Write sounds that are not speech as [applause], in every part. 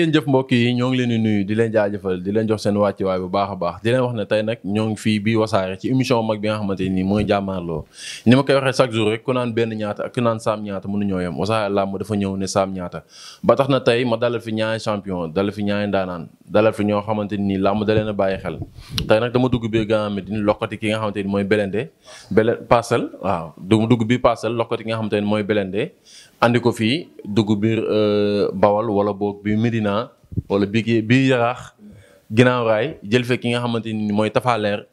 ngeen jëf mbokk yi ñoo ngi leen di nuyu di leen jaajëfal di leen jox seen wàccuwaay bu baax a ne tey nag ñoo ngi fii bii wasaare ci émission mag bi nga xamante ni ma koy waxee chaque jour rek ku naan benn ñaata ak ku naan saam ñaata mënu ñoo yem wasaare làmb dafa ñëw ne saam ñaata ba tax na tey ma dalal fi ñaari champion dalal fi ñaari ndaanaan dalal fi ñoo xamante ni làmb da leen a bàyyi xel tey nag dama dugg biir Grand Médine lokkati ki nga xamante ni mooy Belende Bele parcelle waaw dama dugg biir parcelle lokkati ki nga xamante ni mooy Belende andi ko fii dugg biir euh, Bawal wala boog bi Medina wala bi bi Yaraax ginnaaw raay jël fee ki nga xamante ni mooy tafaaleer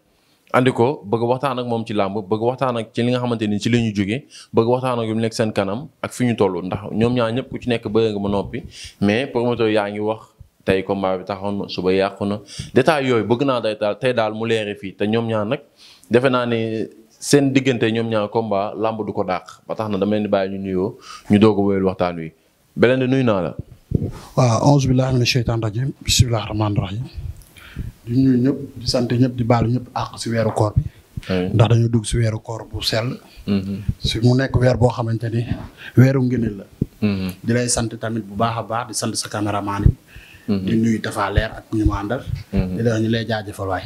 andi ko bëgg waxtaan ak moom ci làmb bëgg waxtaan ak ci li nga xamante ni ci la ñu jógee bëgg waxtaan ak yu nekk seen kanam ak fi ñu toll ndax ñoom ñaar ñëpp ku ci nekk bëgg nga ma noppi mais promoteur yaa ngi wax tey combat bi taxoon na suba yàqu na détail yooyu bëgg naa day daal tey daal mu leere fii te ñoom ñaar nag defe naa ne seen diggante ñoom ñaar comba làmb du ko dàq ba tax na dama leen di bàyyi ñu nuyoo ñu doog a wéyal waxtaan wi beneen di nuyu naa la. waaw auzu billaahi mina sheytaani rajiim bismillaahi rahmaani rahiim di ñëpp di sant ñëpp di baalu ñëpp àq si weeru koor bi. ndax dañu dugg si weeru koor bu sell. si mm-hmm. mu nekk weer boo xamante ni weeru ngëneel la. Mm-hmm. di lay sant tamit bu baax a baax di sant sa caméraman yi. Mm-hmm. di nuyu dafa Leer ak ñu mu àndal. di lay jaajëfal waay.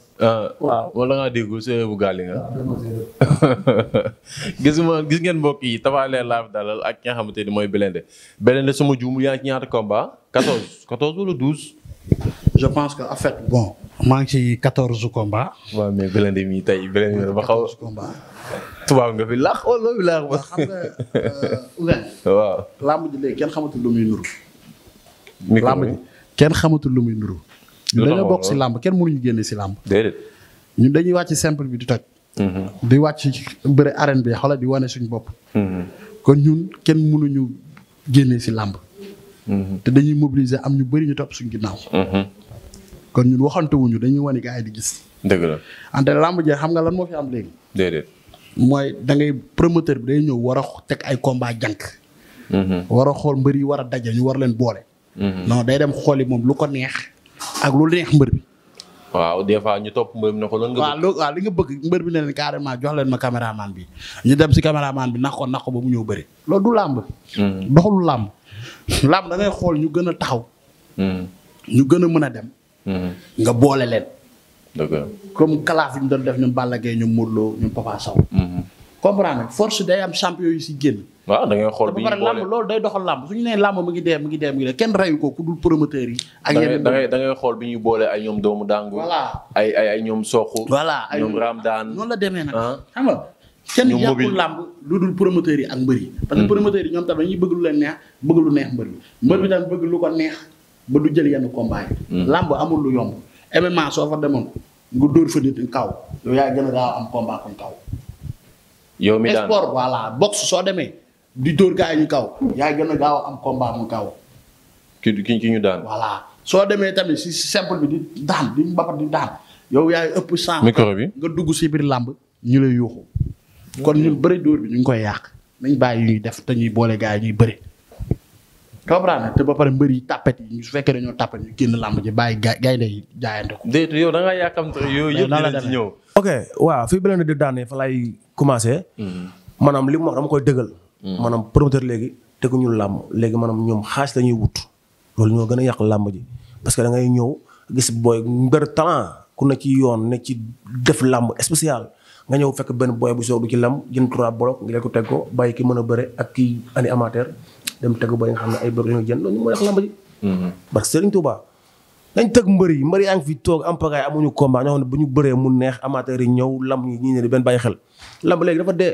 Uh, waaw wala ngaa déggul séeréer bu gaal nga [laughs] gis ma gis ngeen mbokk yi Tapha Leer laa fi dalal ak ki nga xamante ni mooy Blindé Blindé suma juumul yaa ngi ci ñaata combat pense que en fait bon maa ngi ci 14 combat. waaw mais Blindé mi tey bi laax ba. Euh, kenn xamatul lu muy nuru. micro bi ji kenn xamatul lu muy nuru. ñu dañoo làmb kenn mënuñu génne si làmb ñu dañuy wàcc simple bi di toj mhm. di wàcc bëri arène bi xoolal di wane suñu bopp mhm. kon ñun kenn mënuñu génne si làmb mhm. te dañuy mobiliser am ñu bëri ñu topp suñ ginnaaw kon ñun waxantewuñu dañuy wane gars yi di gis dëgg ante làmb jee xam nga lan moo fi am léegi mooy da ngay promoteur bi day ñëw war a teg ay combat jànk war a xool mbër yi war a daje ñu war leen boole non day dem xooli moom lu ko neex ak lu neex mbër bi. waaw des fois ñu topp mbër bi ne ko lan nga. li nga bëgg mbër bi ne leen carrément jox leen ma caméraman bi ñu dem si caméraman bi nax ko nax ko ba mu ñëw bëri. loolu du làmb. Hmm. doxul làmb. làmb da xool ñu gën a taxaw. Hmm. ñu gën a mën a dem. Hmm. nga boole leen. comme kalaaf yi ñu doon def ñun Balla Gaye ñun Modou ñu ñun Papa Sow. comprendre force day am champion yu si génn. waaw da xool bi làmb loolu day doxal làmb su ñu nee làmb mu ngi dee mu ngi dee mu xool bi ñuy boole ñoom doomu dàngu. voilà ay ay ay ñoom soq. voilà ay ñoom raamdaan. noonu la demee nag ah. xam nga. kenn yàqul lu dul promoteurs yi ak mbër yi. parce que hmm. promoteurs yi ñoom tam dañuy bëgg lu leen neex bëgg lu neex mbër bi. mbër bi tam hmm. bëgg lu ko neex ba du jël yenn combat yi. Hmm. amul lu yomb. MMA soo fa demoon nga dóor fa nit kaw yow yaa gën a gaaw am combat kaw. yow mi daan sport soo demee di dóor gaa yi ñu kaw yaa gën a gaaw am combat mu kaw. ki ñu daan. voilà soo demee tamit si simple bi di yow yaay ëpp sang. micro bi nga dugg si biir làmb ñu lay yuuxu. kon ñun bëri dóor koy yàq nañ bàyyi ñuy def te boole gars ñuy bëri. comprendre te ba pare mbër yi tàppet su fekkee dañoo tàppet ñu làmb ji bàyyi gay gaynde yi jaayante yow da ngaa yàkkamte yooyu fa lay commencé. Hmm. maanaam li mu wax dama koy dëggal. Mm. maanaam promoteur léegi teguñu làmb léegi maanaam ñoom xaalis la ñuy wut loolu ñoo gën a yàq làmb ji parce que da ngay ñëw gis booy mbër talent ku ne ci yoon ne ci def làmb spécial nga ñëw fekk benn booy bu soog du ci làmb jënd trois bloc ngi ko teg ko bàyyi ki mën a bëre ak ki ani amateur dem tegu ba nga xam ne ay bloc jën ñuy jënd loolu moo yàq làmb ji. Mm-hmm. parce que Serigne Touba dañ tëg mbër yi mbër yaa ngi fi toog am pagaay amuñu combat ñoo xam ñu bëree mu neex amateur yi ñëw làmb ñi ñii ne benn bàyyi xel lamb léegi dafa dee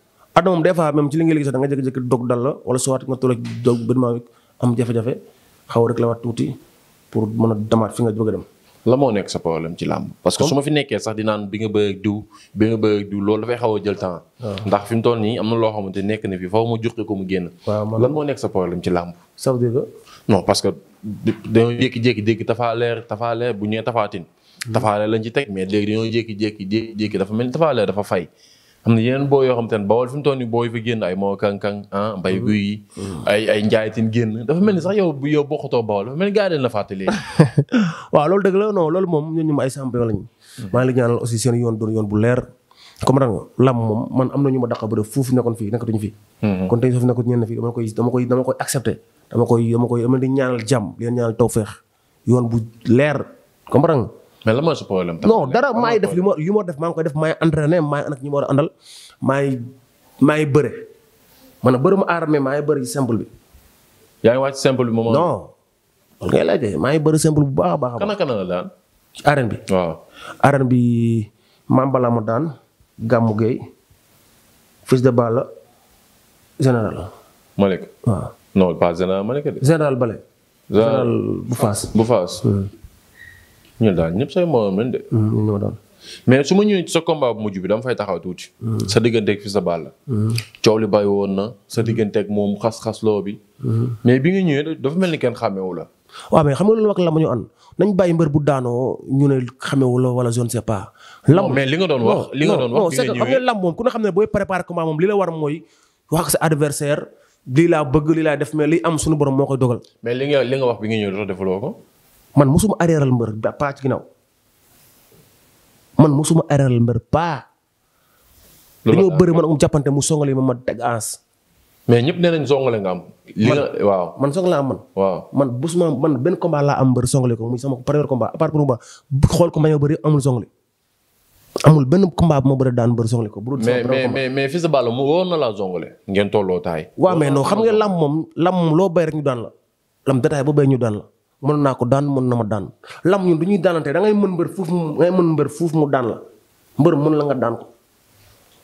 adduna moom des fois même ci li ngay liggéey sax da nga jékki-jékki dog dal la wala soit nga xaw rek la waat pour mën a demaat fi nga dem. la moo nekk sa problème ci làmb parce que su ma fi nekkee sax di bi nga bëgg diw bi nga bëgg temps. Ah. ndax fi mu toll nii am loo xamante nekk na fi faaw mu juqi ko mu génn. lan moo nekk sa problème ci làmb. ça veut que. non jékki-jékki dégg Tapha Leer Tapha Leer bu ñëwee Tapha Tine. Hmm. Tapha Leer lañ ci teg mais léegi dañoo jékki-jékki jékki dafa mel ni Tapha Leer dafa fay am na yenn boo yoo xam te ne bawol fi mu toll nii boo yi fa génn ay moo kankang ah mbay mm-hmm. guy mm-hmm. ay ay njaaytin génn dafa mel ni sax yow yow bokkutoo bawol dafa mel ni gaa yi la fàtte léegi. [laughs] waaw loolu dëgg loolu moom ñun ñu ma ay champion lañu. Mm. maa ngi seen yoon doon yoon bu leer. comme da nga lam moom man am na ñu ma dàq bëre foofu nekkoon fii ñu fii. Mm-hmm. kon tey soo fi nekkoon ñenn fii dama koy dama koy dama koy accepté. dama koy dama koy dama di ñaanal jàmm di leen ñaanal tawféex yoon bu leer comme da nga mais lan mooy sa dara maa ngi def li ma li ma def maa ngi koy def maa ngi entraîné maa ngi ànd ak ma war a àndal maa ngi maa ngi bëre man bëre mu aar mais simple bi. yaa ngi wàcc simple bi moom. non loolu ngay laajte maa ngi bëre simple bu baax a baax. kana kana la daan. ci arène bi. waaw arène ma daan Gamou Gueye Fils de Balla général. Malick waaw non pas général Malick de. général Bale. général bu Faas bu Faas. Hmm. ñun daal ñëpp say morom lañ de. Mm, mais su ma ñëwee sa combat bu mujj bi dama fay taxaw tuuti. Mm. sa digganteeg fi sa baal la. Mm. coow li bàyyi woon na sa digganteeg moom xas-xas loo bi. mais bi nga ñëwee dafa mel ni kenn xàmmeewu la. waaw mais xam nga loolu wax la ma ñu an nañ bàyyi bu daanoo ñu ne xamewula wala je ne sais pas. li nga doon wax li nga doon wax xam nga lamb moom ku ne xam ne booy préparé moom li la war mooy wax sa adversaire lii laa bëgg lii laa def mais li am suñu borom moo koy dogal. mais li nga nga wax bi nga ñëw dafa defaloo ko. man mosuma areeral mbër ba paa ci ginnaaw man mosuma areeral mbër paa. dañoo bëri man mu um jàppante mu songale ma ma teg mais ñëpp nee nañ songale nga am. li la waaw man songale am man. waaw man busuma man benn combat laa am mbër songale ko muy sama premier combat à part pour xool ko ma bëri amul songale. amul benn combat bu ma bëri daan bëri songale ko. bu mais mais mais Fils de Balla mu woon na laa songale. ngeen tolloo taay. waaw mais non xam nga lam moom lam moom loo bay rek ñu daan la lam détail boo bay ñu daan la. mën naa ko daan mën na ma daan lam ñu du ñuy daanante da mën mbër fuuf mu mën mbër fuuf mu daan la mbër mën la nga daan ko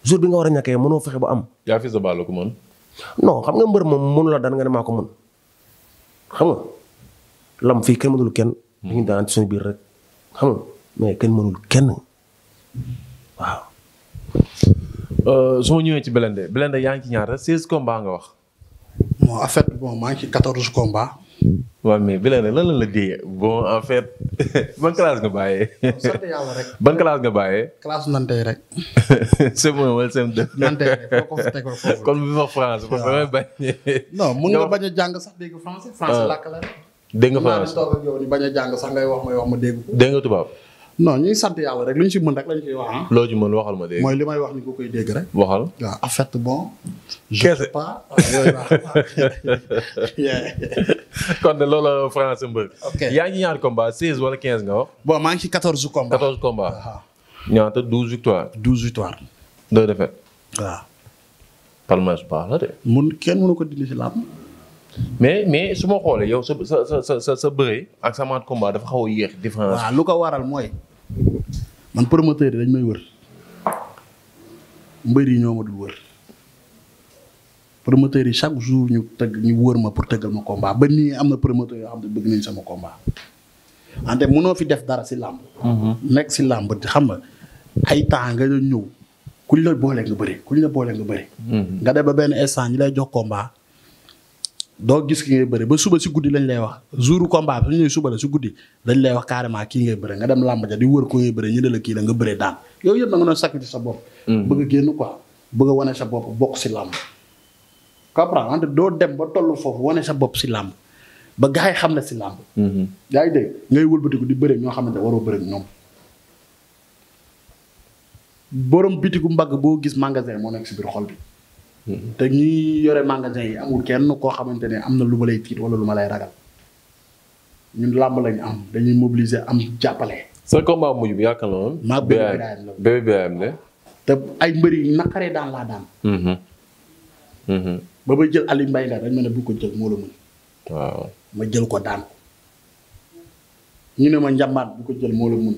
jour bi nga war a ñàkkee mënoo fexe bu am. yaa fi sa baal ko mën. no xam nga mbër moom mënu la daan nga ne ko mën xam nga lam fii kenn mënul kenn. dañuy hmm. daan ci suñu biir rek xam nga mais kenn mënul kenn waaw. Euh, su ma ñëwee ci Blindé Blindé yaa ngi ci ñaar 16 combats nga wax. non en fait maa ngi ci 14 combats. waaw mais Blindé lan la la déggee bon en fait [laughs] ban classe nga bàyyee. sant yàlla [laughs] ban classe nga bàyyee. classe nante rek. sem [laughs] un wala sem deux. nante rek kon bi wax France parce que damay bañ. non mun nga bañ a jàng sax dégg français. français ah. làkk la rek. a jàng sax ngay wax may wax dégg nga tubaab. non ñuy sant yàlla rek lu ñu si mën rek lañ koy wax ah. loo ci mën waxal ma dégg. mooy li may wax ni ko koy dégg rek. waxal waaw en fait bon. je sais pas ah, [laughs] kon de loolu France mbër. yaa ngi ñaar combat 16 wala quinze nga wax. bon maa ngi ci 14 combats 14 combats. waaw ñaata 12 victoires. 12 victoires. deux défaites. waaw. palmarès baax la de. mun kenn mënu ko dindi si làmb. mais mais su ma xoolee yow sa sa sa sa sa bëre ak sa maat combat dafa xaw yéex différence. waaw lu ko waral mooy. man promoteur yi dañ may wër mbër yi ñoo ma dul wër promoteurs yi chaque jour ñu tëgg ñu wër ma pour tëggal ma combat ba nii am na promoteur yoo xam ne bëgg nañ sama combat ante mënoo fi def dara si làmb mhm. nekk si làmb xam nga ay temps nga doon ñëw kuñ la boole nga bëri kuñ la boole nga bëri. Mhm. nga dem ba benn instant ñi lay jox combat doo gis ki ngay bëre ba suba si guddi lañ lay wax jouru combat bi su suba la si guddi lañ lay wax carrément kii ngay bëre nga dem làmb ja di wër ko ngay bëre ñu ne la kii la nga bëre daan yooyu yëpp na nga doon sa bopp hmm. bëgg a génn quoi wane sa bopp bokk si làmb doo dem ba toll foofu wane sa bopp si làmb ba gars xam la si làmb hmm. yaa ngi dégg ngay wëlbatiku di bëre ñoo xam xamante waroo bëre ñoom borom bitigu mbagg boo gis magasin moo nekk si biir xol bi te ñi yore magasin yi amul kenn koo xamante ne am na lu ma lay tiit wala lu ma lay ragal ñun làmb lañ am dañuy mobiliser am jàppale. sa combat mujj bi yaakaar naa woon. maa bébé te ay mbëri naqaree daan laa daan. Mm-hmm. Mm-hmm. jël Aliou Mbaye la dañ ko jël moo la mën. ma jël ko daan ñu ne ma njambaat bu ko jël moo la mën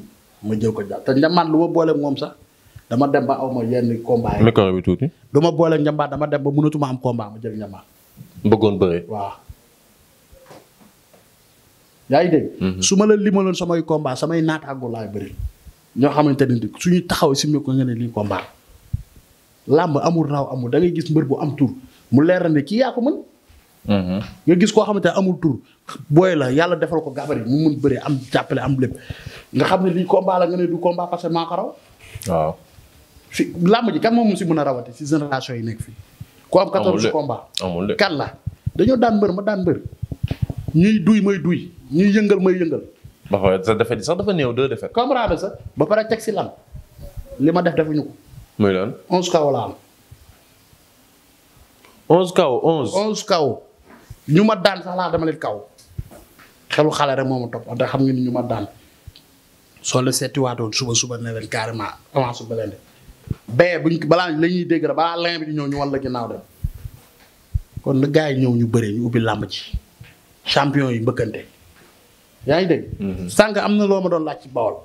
ma jël ko daan te njambaat lu ma boole moom sax. dama dem ba awma yenn combat yi. micro bi tuuti. du ma boole njambaar dama dem ba mënatuma am combat ma jël njambaar. bëggoon bëre. waaw. yaa ngi dégg. Mhm. su ma la limaloon samay combat samay naataango laay bëri. ñoo xamante ne bii suñu taxaw si ko nga ne lii combat. làmb amul raw amul da ngay gis mbër bu am tur mu leer ne kii yaa ko mën. Mhm. nga gis koo xamante ne amul tur booy la yàlla defal ko gabari mu mun bëri am jàppale am lépp. nga xam ne lii combat la nga ne du combat parce que maa ko raw. waaw. fi làmb ji kan moom si mën a rawati si génération yi nekk fii. ku am 14 combat amul kan la dañoo daan mbër ma daan mbër. ñuy duy may duy ñuy yëngal may yëngal. ba xoolee sa defet sax dafa néew doo defe comprendre sax ba pare teg si lan li ma def defuñu ko. muy lan onze kaw la am. onze kaw onze. onze kaw ñu ma daan sax laa dama leen kaw xelu xale rek moo ma topp ndax xam nga ni ñu ma daan soo la seetiwaatoon suba suba ne leen carrément avance ba leen def bee buñ balaa la ñuy dégg rek balaa lin bi di ñëw ñu wan la ginnaaw dem kon na yi ñëw ñu bëree ñu ubbi làmb ci champion yi mbëkkante yaa ngi dégg. Mhm. sànq am na loo ma doon laaj ci Bawol.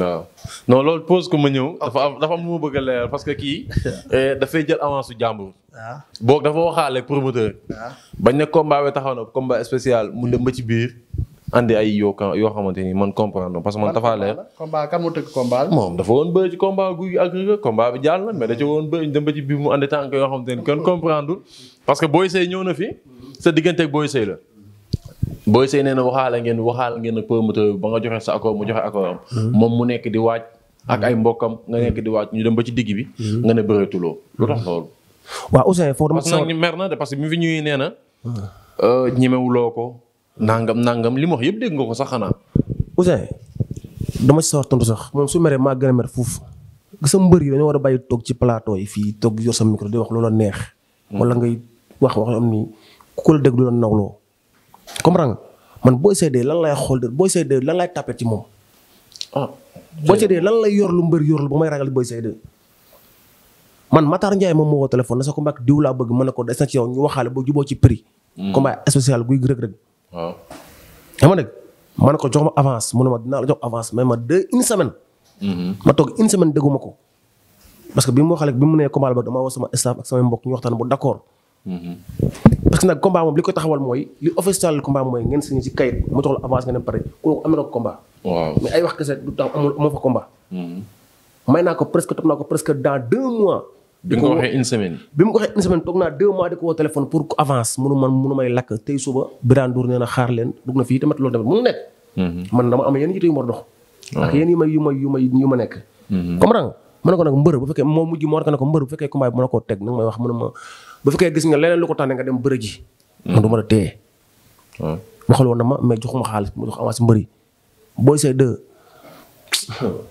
waaw non loolu pose ko ma ñëw. dafa am dafa am lu ma bëgg a parce que kii. [laughs] Eh, dafay jël avance su jàmbur. waaw ah. boog dafa waxaale promoteur. Ah. bañ ne combat bi taxaw na combat spécial mu dem ba ci biir. andi ay yoo yoo xamante ni man comprendre parce que man. Tapha Leer combat kan moo tëgg combat moom dafa woon bëri ci combat guy ak combat bi jàll na mais da ci woon bëri dem ba ci biir mu andi tànk yoo xamante ni kenn comprendre parce que Boy Seye ñëw na fi. sa digganteeg Boy Seye la. Boy Seye nee na waxaala ngeen waxaala ngeen ak promoteur ba nga joxe sa accord mu joxe accord am. Hmm. moom mu nekk di waaj. ak hmm. ay mbokkam nga nekk di waaj ñu dem ba ci digg bi. Hmm. nga ne bëreetuloo lu tax loolu. waaw Ousseyn foofu dama. parce que nag mer na de parce que mi fi ñuy nee na. Euh, ñemewuloo ko. nangam nangam li mu wax yëpp dégg nga ko sax xanaa. Ousseyn dama ci sawar tontu sax moom su meree maa gën a mer fuuf gis nga mbër yi dañoo war a bàyyi toog ci plateau yi fii toog yor sa micro di wax loola neex. Hmm. wala ngay wax wax am ni ku la dégg du la nawloo. comprendre nga lan lay xool de booy seedee lan lay tapé ci moom. ah booy yor lu mbër yorlu ba may ragal booy seedee. man Matar Ndiaye moom moo woo téléphone na sa ko mbak diw bëgg mën na ko des na ci yow ñu waxaale ba juboo ci prix. Hmm. combat spécial guy rëg-rëg waaw. dama dégg ma ne ko jox ma avance mu ma dinaa la jox avance mais ma de une semaine. Mm-hmm. ma toog une semaine dégguma ko. parce que bi mu waxalee bi mu nee combat ba dama woo sama staff ak sama mbokk ñu waxtaan bu d' mm-hmm. parce que nag combat moom li ko taxawal mooy li officiel combat mooy ngeen signé ci kayit mu jox la avance nga dem pare kooku am na ko combat. waaw ay wax kese du tax amul amoo fa combat. Mm-hmm. may naa ko presque topp naa ko presque dans deux mois. bi ko waxee une semaine. bi mu ko waxee une semaine toog naa deux mois di ko téléphone pour ko avance munu man munu may lakk tey suba Birane Ndour na xaar leen dugg na fii tamit loolu tamit munu nekk. Mhm. man dama am yenn yitte ma dox. ak yu may yu may yu may ma nekk. Mhm. comprendre nga mën na ko nag mbër bu fekkee moo mujj moo ne ko mbër bu fekkee combat bi mën na koo teg nag may wax mën ma bu fekkee gis nga leneen lu ko tànnee nga dem bëre ji. Mhm. man ma la téye. waxal woon ma mais joxuma xaalis ma jox avance mbëri booy say deux [laughs]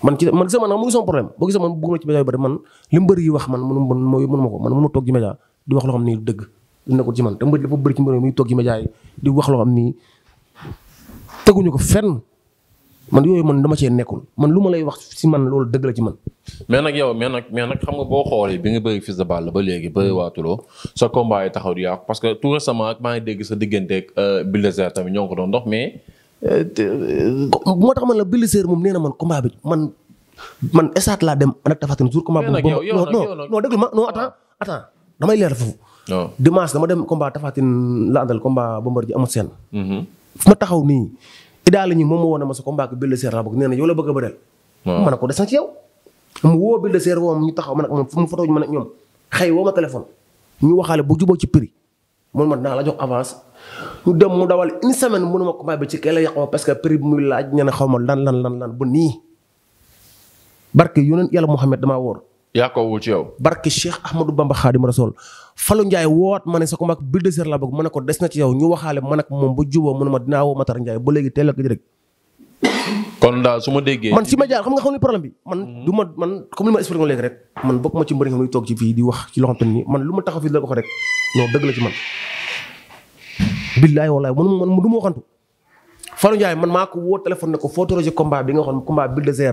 man ci man gis man nag mu ngi boo gisee man bëgguma ci média yu bëri man li mbër yi wax man mënu ma ko man mënu toog ci média di wax loo xam ni dëgg du nekkul ci man di wax loo xam ni teguñu ko fen man yooyu man dama cee nekkul man lu ma lay wax si man loolu dëgg la ci man. mais nag yow mais nag mais nag xam nga boo xoolee bi nga bëri Fils de Balla ba léegi bëri waatuloo sa combat yi taxaw di yàqu parce que tout récemment maa ngi dégg sa digganteeg euh, Bulldozer tamit ñoo ngi ko doon dox mais moo tax man la Buldozer moom nee na man combat bi man man laa dem a ak Tapha Tine jour combat bi. non non non déglu ma non attends ah. attends damay leer foofu. dimanche dama dem combat Tapha Tine la àndal combat Bombardier amut seen. Mm-hmm. fu ma taxaw nii. idaal ñi moom ma moo woon ma sa combat bi Buldozer laa bëgg nee na yow la bëgg a bëreel. waaw ma ne ko des na ci yow. mu woo Buldozer woom ñu taxaw man ak moom fu mu foto ñu man ñoom xëy woo ma téléphone. ñu waxaale bu jubóo ci prix man man naa la jox avance. ñu dem mu dawal une mënuma ko ma bi ci kay la yàqoo parce que prix bi muy laaj ñu xaw ma lan lan lan lan bu nii barke yonent yàlla Muhammad damaa woor yàqoo wu ci yow. barke Cheikh Ahmadou Bamba Xaadimu Rasuul Fallou Ndiaye woowaat ma ne sa combat bi de la bëgg ma ne ko des na ci yow ñu waxaale man ak moom ba juboo mu ne ma dinaa woo Matar Ndiaye ba léegi teel a ko rek. kon daal su ma déggee. man si ma jaar xam nga xam ni problème bi. man mhm. ma man comme li ma expliqué léegi rek. man bokk ma ci mbëri nga toog ci fii di wax ci loo xam te man lu ma taxaw fii la ko rek non bëgg la ci man billaay walaay man man du ma waxantu Fallou man maa woo téléphone ko foo torojee bi nga bi de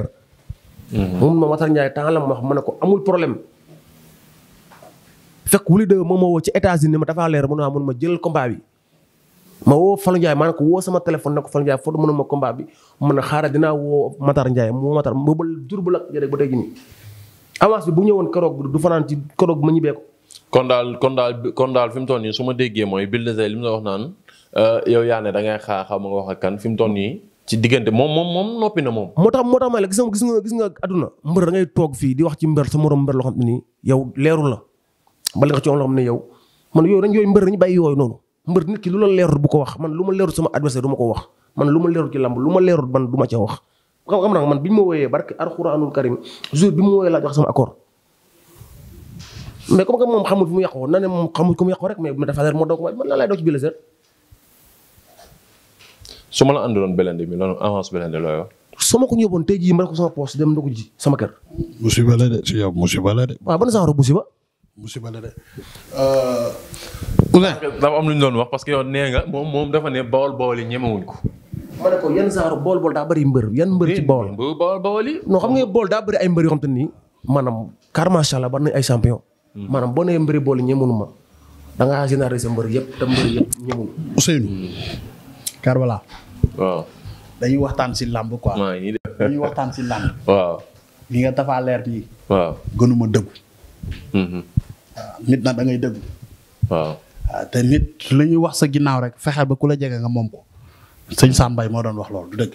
mm-hmm. Matar Ndiaye temps la ma wax ma ne ko amul problème. fekk wuli de moom woo ci états ma dafa leer mun naa mun ma jël combat bi ma woo Fallou Ndiaye maa ne ko woo sama téléphone ne ko Fallou Ndiaye foofu mënuma combat bi mu ne xaaral dinaa woo Matar Ndiaye moo Matar ma ba jur bu lakk jërëjëf ba tey jii avance bi bu ñëwoon keroog du fanaan ci keroog ma ñibbee ko. kon daal kon daal kon daal fi mu toll nii su ma déggee mooy Bulldozer li mu la wax naan euh, yow yaa ne da xaar xaw ma nga wax a kan fi mu toll nii ci diggante moom moom moom noppi na moom. moo tax moo tax may la gis nga gis nga gis nga mbër da ngay toog fii di wax ci mbër sa morom mbër loo xam ne nii yow leeru la bala nga ci loo xam ne yow man yooyu dañ yooyu mbër dañu bàyyi yooyu noonu mbër nit ki lu la leerul bu ko wax man lu ma leerul sama adversaire du ma ko wax man lu ma leerul ci lamb lu ma leerul man du ma ca wax xam nga man bi ñu ma wooyee barke alxuraanul karim jour bi mu wooyee laaj wax sama mais comme que moom xamul fu mu yàqoo na ne moom xamul ku mu yàqoo rek mais bu ma defee moo doog ma man lan laay doog ci Bulldozer. su ma la àndaloon Blindé mi lan avance Blindé looy wax. su ma ko ñëwoon tey jii ma ne ko sama poos dem ndogu ji sama kër. musiba la de si yow musiba la de. waaw ban genre musiba. musiba la de. Euh, dafa am lu ñu doon wax parce que yow nee nga moom moom dafa ne bawol bawol yi ñemewuñ ko. ma ne ko yan genre bool bool daa bëri mbër yan mbër ci bool. bool bool yi. non xam nga bool daa bëri ay mbër yoo xam te ni maanaam car macha allah bari nañ ay champion. Mm-hmm. maanaam boo nee mbiri bool ñemunu ma da ngaa généré sa mbër yëpp te mbër yëpp ñemul. Ousseynou. Mm-hmm. dañuy waxtaan si làmb quoi. dañuy waxtaan si làmb. waaw. nga dafa leer nii. gënuma dëggu. Mm-hmm. nit na dangay ngay dëggu. waaw. te nit lu ñuy wax sa ginnaaw rek fexeel ba ku la jege nga moom ko. sëñ Sambay moo doon wax loolu du dëgg.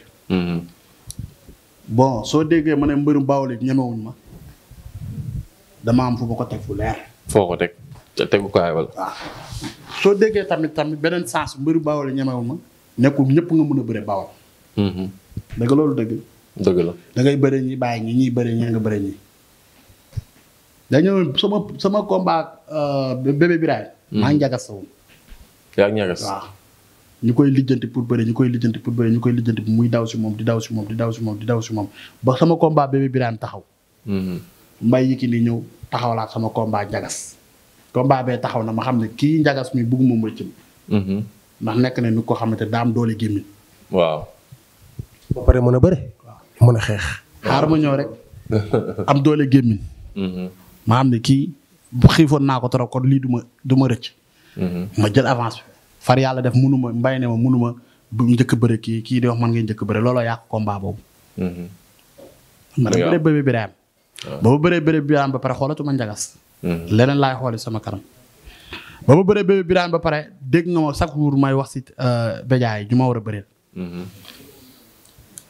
bon soo déggee ma ne mbëru Bawol ñemewuñ ma. dama am fu ko teg fu leer. foo ko teg te tegukaay wala. waaw soo déggee tamit tamit beneen sens mbari bawol ñemewu ma nekkul ñëpp nga mën a bëre bawol. Mm-hmm. dëgg loolu dëgg. dëgg la da ngay bëre ñi bàyyi ñi ñuy bëre ñi nga bëre ñi. dañoo sama sama combat euh, bébé Birame. Mm-hmm. maa ngi njagas sa woon. yaa ngi njagas waaw. ñu koy lijjanti pour bëre ñu koy lijjanti pour bëre ñu koy lijjanti muy daw si moom di daw si moom di daw si moom di daw si moom ba sama combat bébé Birame taxaw. Mm-hmm. mbay yi kii ni ñëw taxawlaat sama combat njagas combat bee taxaw na ma xam ne kii njagas mi bugguma mëccëm mhm. ndax nekk ne nu ko xamante daam doole gémmiñ waaw mën a bëre mën a xeex ma ñëw rek [laughs] am doole gémmiñ mhm. ma xam ne kii xiifoon naa ko trop kon lii du ma du ma rëcc mhm. ma jël avance bi far yàlla def munuma mbay ne ma munuma bu njëkk bëre kii kii di wax man ngay njëkk bëre looloo yàq combat boobu man a bëre bébé Birahim ba ma bëree bëree Birane ba pare xoolatuma njagas. Hmm. leneen laay xooli sama kanam. ba ma bëree bëree Birane ba pare dégg nga ma chaque jour may wax si béjaay ju ma war a bëreel. Hmm.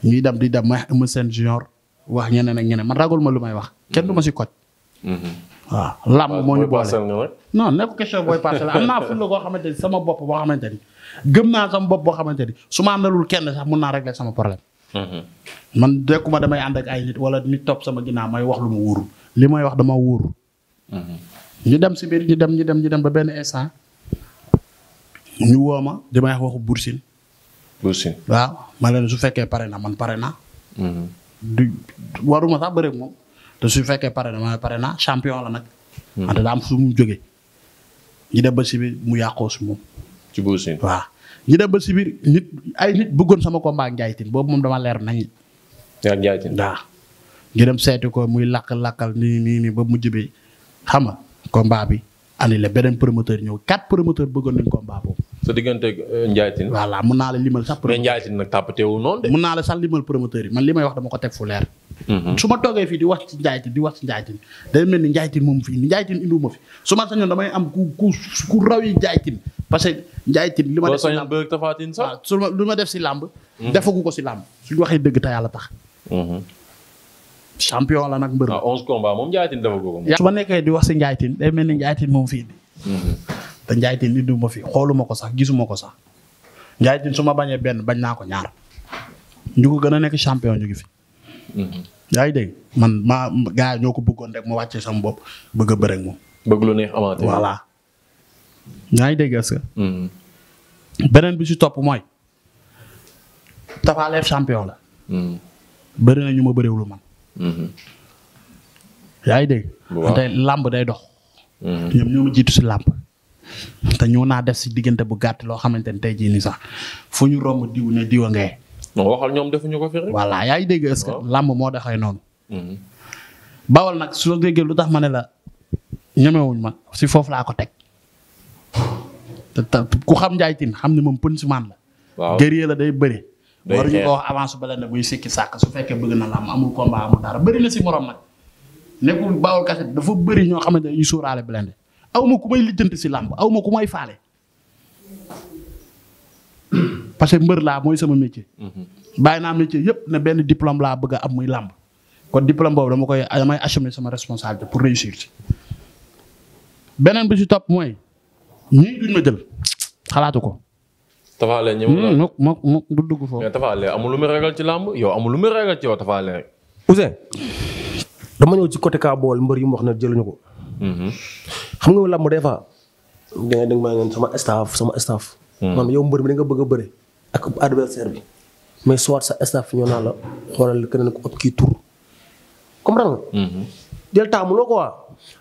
ñuy dem di dem ma am seen junior wax ñeneen ak ñeneen man ragul ma lu may wax kenn du ma si koj. Hmm. waaw làmb moo ñu boole non nekk question booy parcelle am naa fulla koo xamante ni sama bopp boo xamante ni gëm naa sama bopp boo xamante ni su ma kenn sax mun naa régler sama problème. Mm-hmm. man dekkuma damay ànd ak ay nit wala nit topp sama ginnaaw may wax lu ma wóorul li may wax dama wóoru mm-hmm. ñu dem si biir ñu dem ñu dem ñu dem ba benn instant ñu woo ma di may wax waxu bursin waaw ma leen su fekkee pare na man pare na mm-hmm. waruma sax bëreeg moom su fekkee pare na pare na champion la nag wante daa am mu jógee ñu dem ba si mu yàqoo si moom ci bursin waaw ñu ba si biir nit ay nit bëggoon sama combat ak Ndiaye boobu moom dama leer nañu. ak Ndiaye Tine waaw. ñu seeti ko muy lakk-lakkal nii nii nii ba mujj bi xam nga combat bi annulé beneen promoteur ñëw quatre promoteur bëggoon nañ combat boobu. sa digganteeg euh, Ndiaye Tine. voilà mun naa la limal sax. mais Ndiaye Tine nag tàppateewul noonu de. mun naa la sax limal promoteur yi man li may wax dama ko teg fu leer. Mhm. su ma toogee fii di wax ci Ndiaye Tine wax ci Ndiaye Tine day mel ni Ndiaye Tine moom fii Ndiaye Tine indiwuma fi su ma sañoon damay am ku ku ku raw yi parce que Ndiaye li ma def si làmb def si làmb defagu ko si làmb suñu waxee dëgg te yàlla tax mm-hmm. champion la nag mbër la ah, onze su ma nekkee di wax si Ndiaye Tine mel ni Ndiaye Tine moom fii bi mm-hmm. te Ndiaye li du fi xooluma ko sax gisuma ko sax Ndiaye Tine bañee benn bañ naa ko ñaar ñu ko gën a nekk champion ñu fi mm-hmm. yaa ngi dégg man maa yi ñoo ko bëggoon rek ma wàccee sama bopp bëgg a bëre moom bëgg lu neex amaat voilà yaa ngi dégg est mm-hmm. beneen bi si topp mooy. Tapha Lev champion la. Mm-hmm. bëri na ñu ma bëriwul man. Mm-hmm. yaa ngi dégg. tey làmb day dox. ñoom ñoo jiitu si làmb. te ñëw naa def si diggante bu gàtt loo xamante ne tey jii sax foo ñu romb diw ne diwa ngee. non yaay ñoom ko dégg est làmb moo doxee noonu. bawal nag soo déggee lu tax ma ne la ñemewuñ ma si foofu laa ko teg. ku xam Ndiaye Tine xam ne moom punchman la. waaw la day bëri. day war ñu ko wax avance bala na buy sikki sàkk su fekkee bëgg na la am amul combat amul dara bëri na si morom nag. nekkul bawol kase dafa bëri ñoo xamante ne dañuy sóoraale Blindé aw ma ku may lijjanti si làmb aw ma ku may faale. [clears throat] parce que mbër laa mooy sama métier. Mhm. bàyyi naa métier yëpp ne benn diplôme laa bëgg am muy làmb. kon diplôme boobu dama koy damay assumer sama responsabilité pour réussir ci. beneen bi ñii duñ ma jël xalaatu ko. Tapha Lerr ñëw na ma hmm, ma du dugg foofu. mais Tapha Lerr amul lu muy ragal ci làmb yow amul lu muy ragal ci yow Tapha Lerr. Ousseyn dama ñëw ci côté kaa bool mbër yi mu wax ne jëluñu ko. Mm-hmm. xam nga làmb des fois. dangay dégg maa ngi sama staff sama staff. Mm. man yow mbër mi da nga bëgg a bëre ak adversaire bi. mais soit sa staff ñoo naa la xoolal keneen ko ëpp kii tur. comprendre nga. Mm-hmm. jël taamu loo ko waa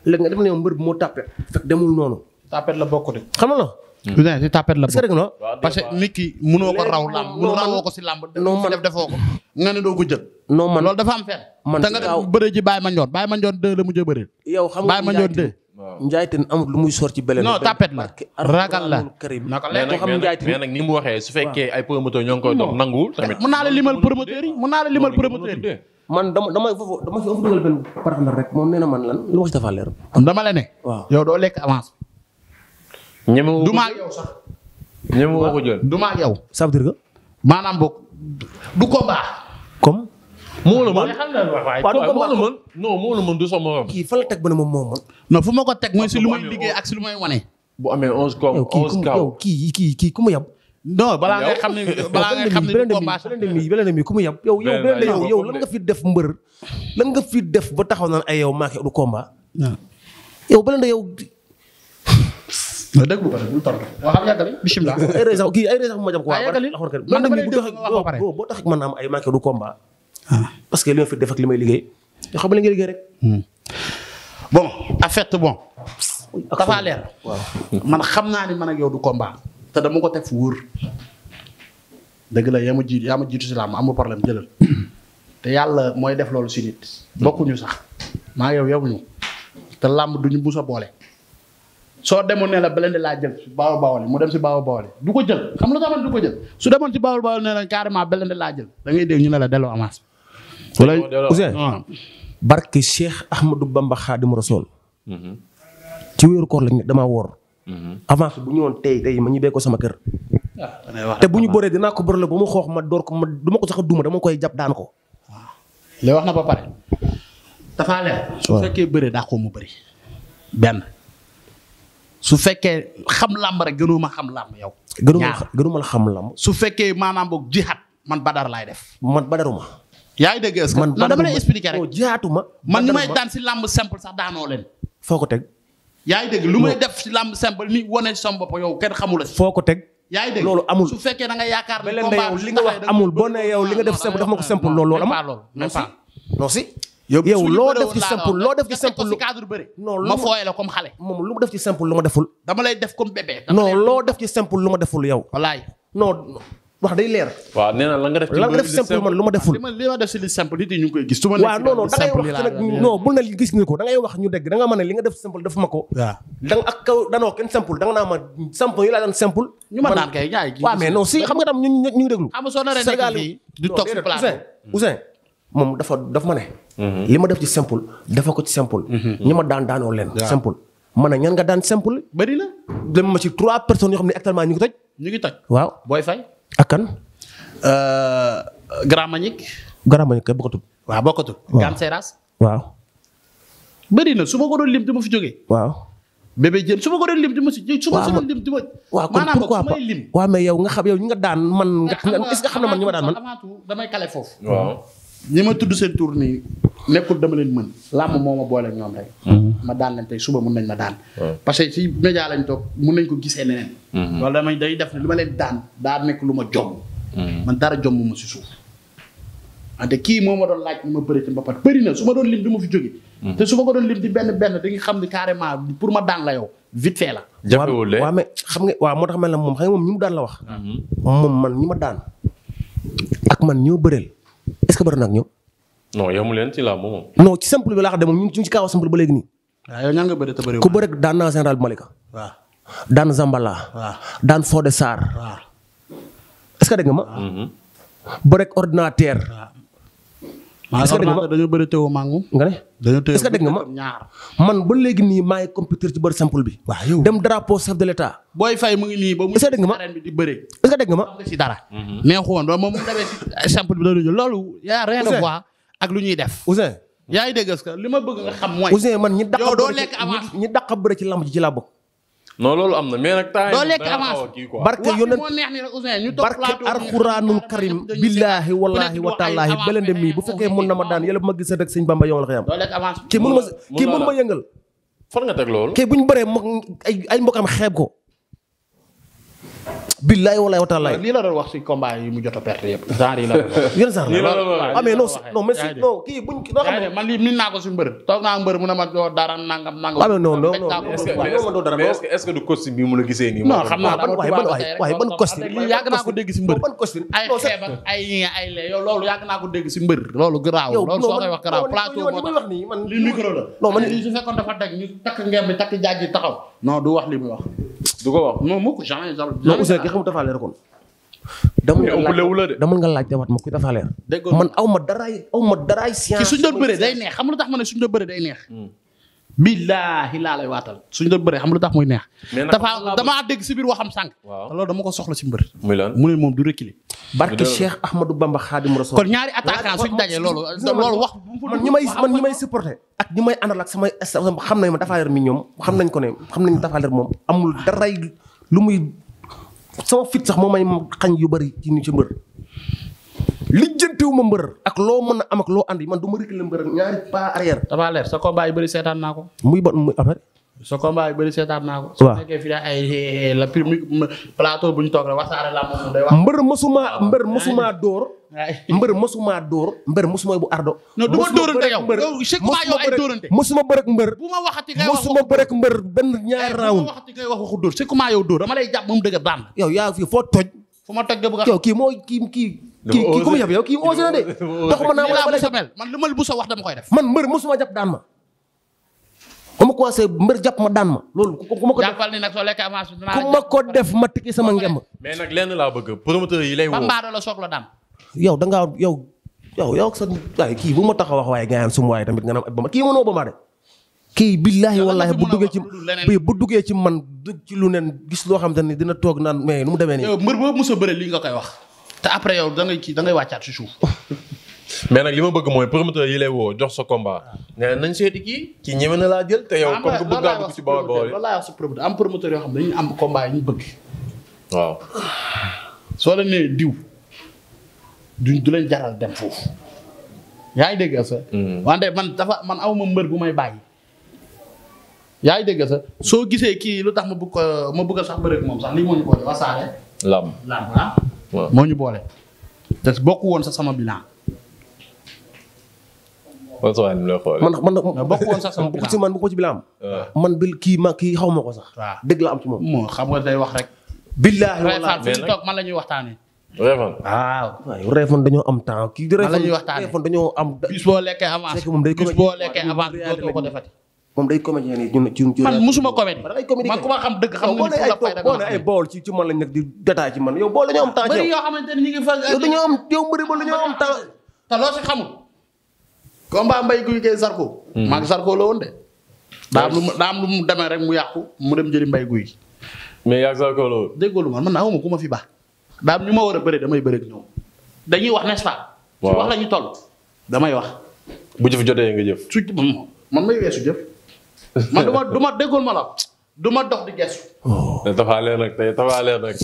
léegi nga def ne yow mbër bi moo tàppe fekk demul noonu. tapet la bokk de. xam hmm. la bokk. parce que nit ki mënoo [laughs] ne doo da nga dem bëre ji Baye Mandione Baye Mandione 2 la mujjee bëre. yow xam nga ci bële. non tapet la ragal la naka la ko xam Ndiaye Tine mais nag ni mu waxee su fekkee ay promoteurs ñoo ngi koy dox nanguwul tamit. mun naa la limal promoteurs yi mun naa la limal promoteurs yi. dama dama la yow doo lekk avance. ñemewu du maag yow sax. ñemewu ko jël dire que. maanaam boog du combat. comme. moo la mën waaw non moo la mën du sama morom. kii fa la teg ba ne moom moo mën. non fu ma ko teg mooy si lu may liggéey ak si lu may wane. bu amee onze kaw onze kaw kii kii kii ku mu yab. non balaa ngay xam ne balaa ngay xam ne du combat beneen mi beneen mi ku mu yab. yow yow beneen yow yow lan nga fi def mbër. lan nga fi def ba taxaw naan ay yow maa du combat. yow beneen yow. nga déglu ko bul tontu. waaw xam yàggali bisimilah. [laughs] ay raisons kii ay raisons ma jàpp ko. ay ah, yàggali man nag bu tax boo tax man am ay ah. parce que li def li may liggéey. yoo xam ne nga hmm. bon en fait bon. man xam naa ne man ak yow du combat. te dama ko teg fu wóor. dëgg la yaa ma jiitu ma jiitu si làmb amul problème jëlal. te yàlla mooy def loolu si nit. Hmm. bokkuñu sax maa yow yowuñu te làmb du ñu mus a boole. soo demoon ne la Blindé laa jël si baaw bawal mu dem si baaw bawal du ko jël xam la tax man du ko jël su demoon si baaw bawal ne la carrément Blindé laa jël da ngay dégg ñu ne la delloo avance. wala Ousseyn ah. Ah. barke Cheikh Ahmadou Bamba Xaadimu Rasuul mm-hmm. ci wéeru koor lañ ne damaa woor. Mm-hmm. avance bu ñu tey tey ma ñibbee ko sama kër. Ah, te bu ñu bëree dinaa ko bërale ba mu xoox ma door ko ma du ko sax duma dama koy jàpp daan ko. waaw wax na ba pare. dafa leer. su fekkee bëree daa ko mu benn. su fekkee xam làmb rek gënuma xam làmb yow. ñaar gënuma la xam làmb. su fekkee maanaam boog jihaat man badar laay def. man badaruma. yaa ngi dégg est-ce que man non dama lay expliquer rek. non jihaatuma man ni may daan si làmb simple sax daanoo leen. foo ko teg. yaa ngi dégg lu may def si làmb simple ni wane si bopp yow kenn xamula si. foo ko teg. yaa ngi loolu amul su fekkee da nga yaakaar ne combat li nga wax amul boo nee yow li nga def simple daf ma ko simple loolu loolu amul. non si yow loo def ci simple loo def ci simple lu cadre bëri non ma ma deful dama lay def comme bébé non loo def ci simple lu ma deful yow wallaay non wax day leer waaw nee nga def la man lu ma li ma def ci li simple nit ñu ngi koy gis su ma waaw si xam nga tam ñu ñu ngi déglu xam nga soo naree nekk fii moom dafa daf ma ne. Mhm. li ma def ci simple dafa ko ci simple. Mhm. ñu ma daan daanoo leen. simple man a ñan nga daan simple. bëri na dem ma ci trois personnes yoo xam ne actuellement ñu ngi toj. ñu ngi toj waaw booy fay. ak kan. Euh, Grand Manick. Grand Manick kay bokkatul. waaw bokkatul. waaw Gane waaw. bëri na su ma ko doon fi jógee. waaw. bébé jën su ma ko doon lim di ma si nga xam yow ñi nga daan man. nga est-ce que xam na man ñi ma daan man damay kale foofu. ñi ma tudd seen tur nii nekkul dama leen mën làmb moo ma boole ñoom mm-hmm. ma daan leen tey suba mun nañ ma daan. parce que ci média lañ toog mun nañ ko gisee neneen. Mm-hmm. loolu damay day def li ma leen daan daa lu ma jomm. Mm-hmm. man dara jomm ma si suuf. kii moo ma laaj ma bëri ci mbapat bëri na su ma doon lim du ma su ma ko doon lim di benn benn da xam ne carrément pour ma daan la yow vite la. jafewul de waaw mais xam nga waaw moo tax ma ne moom xam moom ñi mu daan la wax. moom man ñu ma daan ak man ñoo bëreel. est-ce que bëri na ak ñoom. non leen ci làmb ci simple bi laa xam ne moom ñu ngi ci kaw simple ba léegi nii. waaw yow ñaan daan naa général Malika. daan Zambala. daan Fodé est-ce que dégg nga ma. Mhm. bëri ordinateur. est-ce que dégg nga bëri teewu màngu. nga ne ma ñaar. man ba léegi nii maay compétir ci bëri simple bi. waaw yow dem drapeau chef de l'état. booy fay mu ngi nii ba mu. est-ce que dégg nga ma di bëri. est-ce que dégg nga ma. si dara. mais mhm. moom mu demee si simple bi doon loolu. yaa rien de voir ak lu ñuy def. Ousseyn. yaa ngi dégg est li ma bëgg nga xam mooy. Ousseyn man ñi dàq bëri ci lamb ji ci laa bokk non loolu am na mais nag temps doo barke yonent karim billaahi wallaahi wa taalaahi belende mii bu fekkee mën na ma daan yàlla bu ma gis rek sëñ bamba yomal xiyam kii mën ma kii mën ma yëngal nga teg loolu kii bu bëree ay mbokkam xeeb ko billaay walaay wa lii la doon wax ci combat yi mu jot a naa ko ci mbër. toog naa mbër mu ne ma doo dara nangam nangam. ah mais non non non est-ce que est-ce que naa dégg ci mbër. ban costume ay xeeb ak ay ñii ay lee yow wax garaaw plateau man lii su fekkoon dafa teg ñu takk ngemb bi takk jaaj yi taxaw. non du wax li mu wax du ko wax non mukk jamais. non Ouzin ki xamul Tapha Leer kon. damul nga laaj te wat ma kuy Tapha Leer. man aw ma daraay aw ma daraay science. suñ doon bëree day neex xam nga tax ma ne suñ doon bëree day neex. billaahi laa lay waatal suñ doon bëree xam lu tax muy neex. dafa damaa dégg si biir waxam sànq. si mbër. muy lan mu ne moom du reculer. barke Cheikh Ahmadou Bamba Xaadim Rasul. kon ñaari attaquant suñ dajee loolu. loolu wax man ñi may xam nañ ma Tapha Leer mi ñoom xam nañ ko ne xam nañ Tapha Leer moom amul daray lu muy sama fit sax moo may xañ yu bari ci ñu ci mbër. respectéwu ma mbër ak loo mën a ma reculer mbër ak ñaari pas arrière. dafa leer sa combat yu bëri seetaan naa ko. muy bon muy affaire. sa combat yu su nekkee fii daal ay eh, la plateau bu ñu toog rek wasaare la moom day mosuma ah, mbër mbër mosuma dóor mbër mosuma bu ardo ma dóorante yow yow ay mosuma bërëk mbër ma waxati ngay wax mosuma bërëk mbër benn ñaari eh, round waxati ngay wax waxu dóor c'est comment yow yaa fii foo toj yow kii moo kii kii kii ku mu yab yow kii osé na de. doxuma naa wala wala mel man lu ma bu sa wax dama koy def. man mbër mosuma jàpp daan ma. ko ma commencé mbër jàpp ma daan ma loolu ku ma ko. jàppal ni nag soo ma ko def ma tiki sama ngemb. mais nag lenn laa bëgg promoteur yi lay woo. la soog la daan. yow da ngaa yow yow yow sa waaye kii bu ma tax a wax waaye nga sum waaye tamit nga naan ba ma kii mënoo ba ma de. kii billaahi wallaahi bu duggee ci bu duggee ci man dugg ci lu nen gis loo xam te ne dina toog naan mais nu mu demee nii. mbër boobu mos a bëre lii nga koy wax te après yow da kii da ngay wàccaat si suuf. [laughs] mais nag li ma bëgg mooy promoteur yi lay woo jox sa combat. Ah. nee nañ seeti kii ci ñeme na laa jël te yow. Ah, comme que bëgg si Bawol Bawol loolu wax si promoteur am promoteur yoo xam ne am combat ñu bëgg. waaw. soo leen nee diw du du leen jaral dem foofu. yaa ngi dégg sa. Mm. wante man dafa man aw ma mbër bu may bàyyi. yaa ngi dégg sa soo gisee kii lu tax ma bëgg ko ma bëgg sax bëreeg moom sax lii moo ñu boole wasaare. lamb lamb ah. moo ñu boole. te bokk woon sax sama bilan. man sama man bokk woon sax sama bilan man bu ko ci bilan am. kii ma kii xaw ma ko sax. waaw dëgg la am ci moom. moo xam nga day wax rek. billaahi wallaahi mais toog man la ñuy waxtaanee. Réfan waaw Réfan dañoo am temps kii. Réfan dañoo am. bis boo lekkee avance bis boo lekkee avance dootoo ko defati. moom day comédien nii ñun ci ci. man musuma comédie man ku ma xam dëgg xam nga ni fula boo ne ay bool ci ci man lañ nag di détail ci man yow bool dañoo am temps. bëri yoo xamante ni ñu ngi fa. yow dañoo am yow mbëri mbay guy gee Zarko. maag Zarko la woon de. daa am mu daa mu demee rek mu yàqu mu dem jëli mbay guy. mais yaa Zarko la woon. déggoo lu ma ku ma fi baax. daa am ñu ma war a bëri damay bëri ak ñoom. dañuy wax n'est-ce pas. wax la ñu toll damay wax. bu jëf jotee nga jëf. su man may weesu jëf [laughs] man duma ma du ma la du ma dox di gestu. Oh. te tafalee [laughs] nag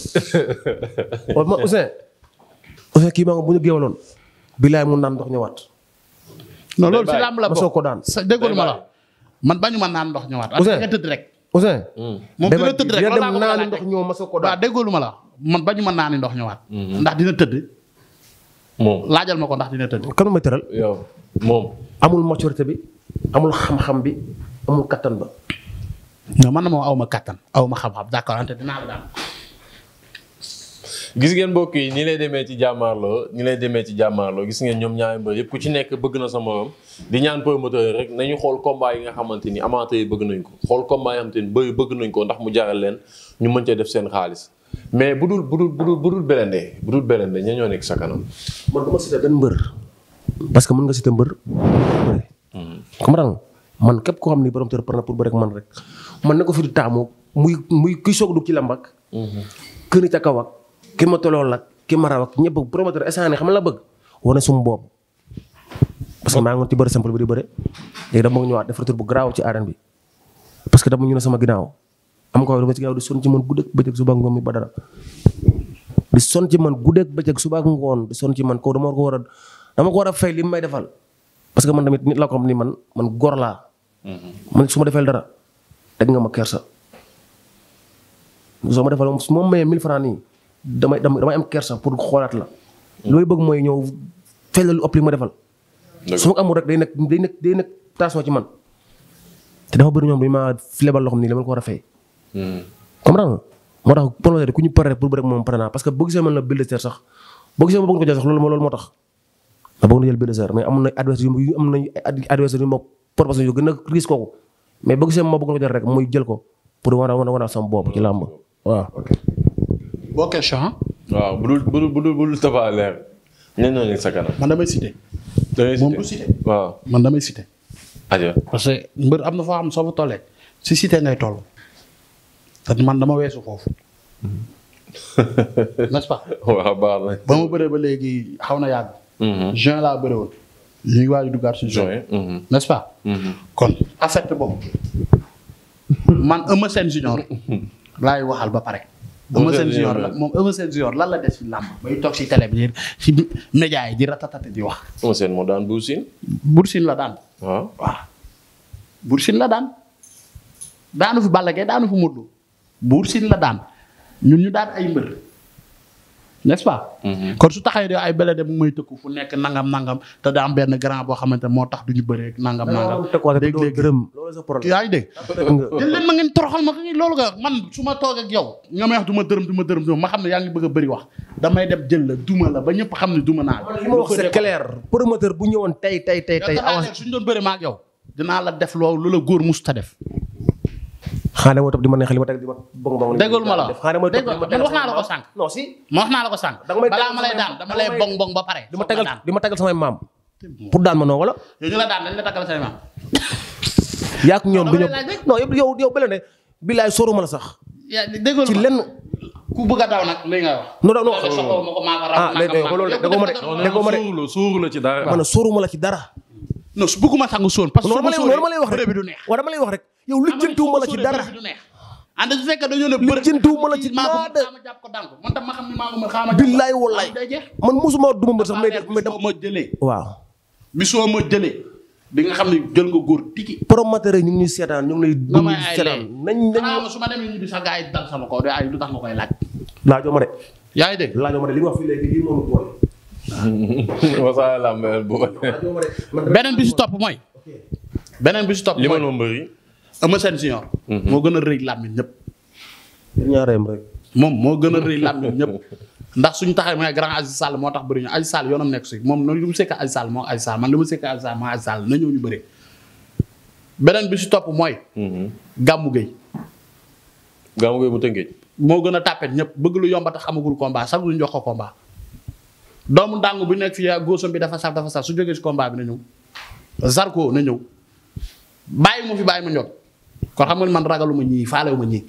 bu ñu géewaloon. bilaay mun ndox ñëwaat. non loolu si làmb ko daan. sa déggul ma la man bañu ndox ñëwaat. Ousseyn tëdd rek. Ousseyn. Mm. moom dina tëdd rek loolu naani ndox ñëw ma soog ko daan. waaw déggul ma la man bañu ndox ñëwaat. Mm-hmm. ndax dina tëdd. laajal ma ko ndax dina tëdd. kan ma tëral. yow amul maturité bi amul xam-xam bi amul kattan ba. non na moom aw ma kattan aw ma xam-xam d'accord ante dinaa la daal. gis ngeen mbokk yi ñi lay demee ci jàmmaarloo ñi lay demee ci jàmmaarloo gis ngeen ñoom ñaari mbër yëpp ku ci nekk bëgg na sa morom di ñaan promoteur rek nañu xool combat yi nga xamante ni amateur bëgg nañ ko xool combat yi nga xamante bëgg nañ ko ndax mu jaral leen ñu mën cee def seen xaalis mais bu dul bu dul bu dul bu dul belende bu dul ñoo nekk sa kanam. man du ma benn parce que mën nga cité mbër. man képp koo xam ne borom teel par na pour bëri ak man rek man na ko fi di taamu muy muy kuy soog dugg ci làmb ak. Mhm. kaw ak ki ma tollool ak ki ma raw ak ñëpp promoteur instant xam la bëgg wane sumu boobu. parce que maa ngi woon ci bëri ñëwaat def bu garaaw ci arène bi parce que dama ñu ne sama ginnaaw am ko dama ci di sonn ci man guddeeg bëccëg suba ngoon mi ba dara di sonn ci man guddeeg bëccëg suba ngoon di sonn man kaw dama ko war dama ko war a li may defal parce que man tamit la ko xam ni man man góor laa man su ma defee dara teg nga ma kersa soo ma defal su ma mayee 1000 francs nii damay damay am kersa pour xoolaat la. looy bëgg mooy ñëw fay la lu ëpp li ma defal. su ma amul rek day nekk day nekk day nekk tension ci man. te dafa bëri ñoom dañu maa lebal loo xam ni la ma ko war a fay. Hmm. comprendre nga moo tax promoteur ku ñu pare pour bëri moom pare naa parce que boo gisee man la Bulldozer sax boo gisee ma bëgg ko jaay sax loolu moo loolu moo tax. ma bëgg na jël Bulldozer proposition yu gën a risque kooku mais bëgg seen ma bëgg ko def rek muy jël ko pour war a war a sama bopp ci làmb waaw. boo question. waaw bu dul bu dul bu Leer. ñooñu ñoo nekk sa man damay cité. moom du cité. waaw man damay cité. aja parce que mbër am na foo xam soo fa tollee si cité ngay toll. man dama weesu foofu. [laughs] nest pas. waaw baax ba ma bëree ba léegi xaw na yàgg. Mm-hmm. juin laa bëri woon. ñu ngi du a duggaat si juin mm-hmm. n'est-ce pas. Mm-hmm. kon affect boobu man Eumeu Sène junior laay waxal ba pare. Eumeu Sène junior la moom Eumeu Sène junior lan la des ci làmb bay toog si télé bi si média yi di ratatate wax. Eumeu Sène moo daan Boursine. Boursine la daan. waaw waaw Boursine la daan daanu fi Balla Gaye daanu fi Modou Boursine la daan ñun ñu daan ay mbër. n'est-ce pas. Mm-hmm. su tax de ay belede mu may tëkku nekk nangam nangam am benn grand boo xamante ne moo tax du ñu bëree nangam nangam. léeg-léeg yaa ngi dégg. leen ma ngeen toroxal ma loolu nga man su ma toog ak yow nga may wax du ma dërëm du ma dërëm ma xam ne yaa ngi bëgg a bëri wax damay dem jël la duma la ba ñëpp xam ne duma naa la. li ma wax bu ñëwoon tey tey tey tey. doon bëri ma ak yow dinaa la def loolu lu la góor musta def xaane moo topp di ma neexal li ma teg di ma bong bong. déggul ma ma wax naa la ko sànq. non si ma wax ba pare. di ma tegal di ma tegal samay maam. pour daan ma noo wala. yow la daan dañ la tegal samay maam. [laughs] ñoom du ñu non yow yow ne. bilaay sóoru la sax. yaa déggul ma ci lenn. ku bëgg a daw nag li wax. non la ci dara. ma ne sóoru ma la ci dara. non su bëgguma sangu sóon. lay wax rek yow lijjantiwuma la ci dara. ànd su fekkee dañoo ne bërëb lijjantiwuma la ci dara de. billaay wallaay man mosuma duma mbër sax may def may dama ma jëlee. waaw. bisoo ma jëlee. di nga xam ne jël nga góor tiki. promoteur ñu ngi ñuy seetaan ñu ngi lay. ñu ngi ñuy seetaan nañ nañ. su ma demee ñibbi sax gars yi dal sama kaw de ay lu tax nga koy laaj. laajoo ma de. yaa ngi dégg laajoo ma de li nga wax fii léegi lii moom boole. [laughs] wasaare làmb beneen bi si topp beneen bi si topp li ma Eumeu Sène junior. Mhm. moo gën a rëy làmmiñ ñëpp. ñaareem moo gën a rëy làmmiñ ñëpp. ndax suñ taxee mooy grand moo tax bëri ñu Aziz Sall yoonam nekk si moom noonu lu mu sekk Aziz Sall moo Aziz Sall li mu sekk Aziz moo Aziz na ñëw ñu bëri. beneen bi si topp mooy. Mhm. Gamou Gueye. Gamou Gueye bu tënkee. moo gën a tàppet ñëpp bëgg lu yomb xamagul tax amagul combat sax lu doomu ndàngu bu nekk fii góosam bi dafa saf dafa su jógee si combat bi na ñëw. Zarko na ñëw bàyyi moo fi bàyyi ma ñor. kon xam man ragaluma ñii faalewuma ñii.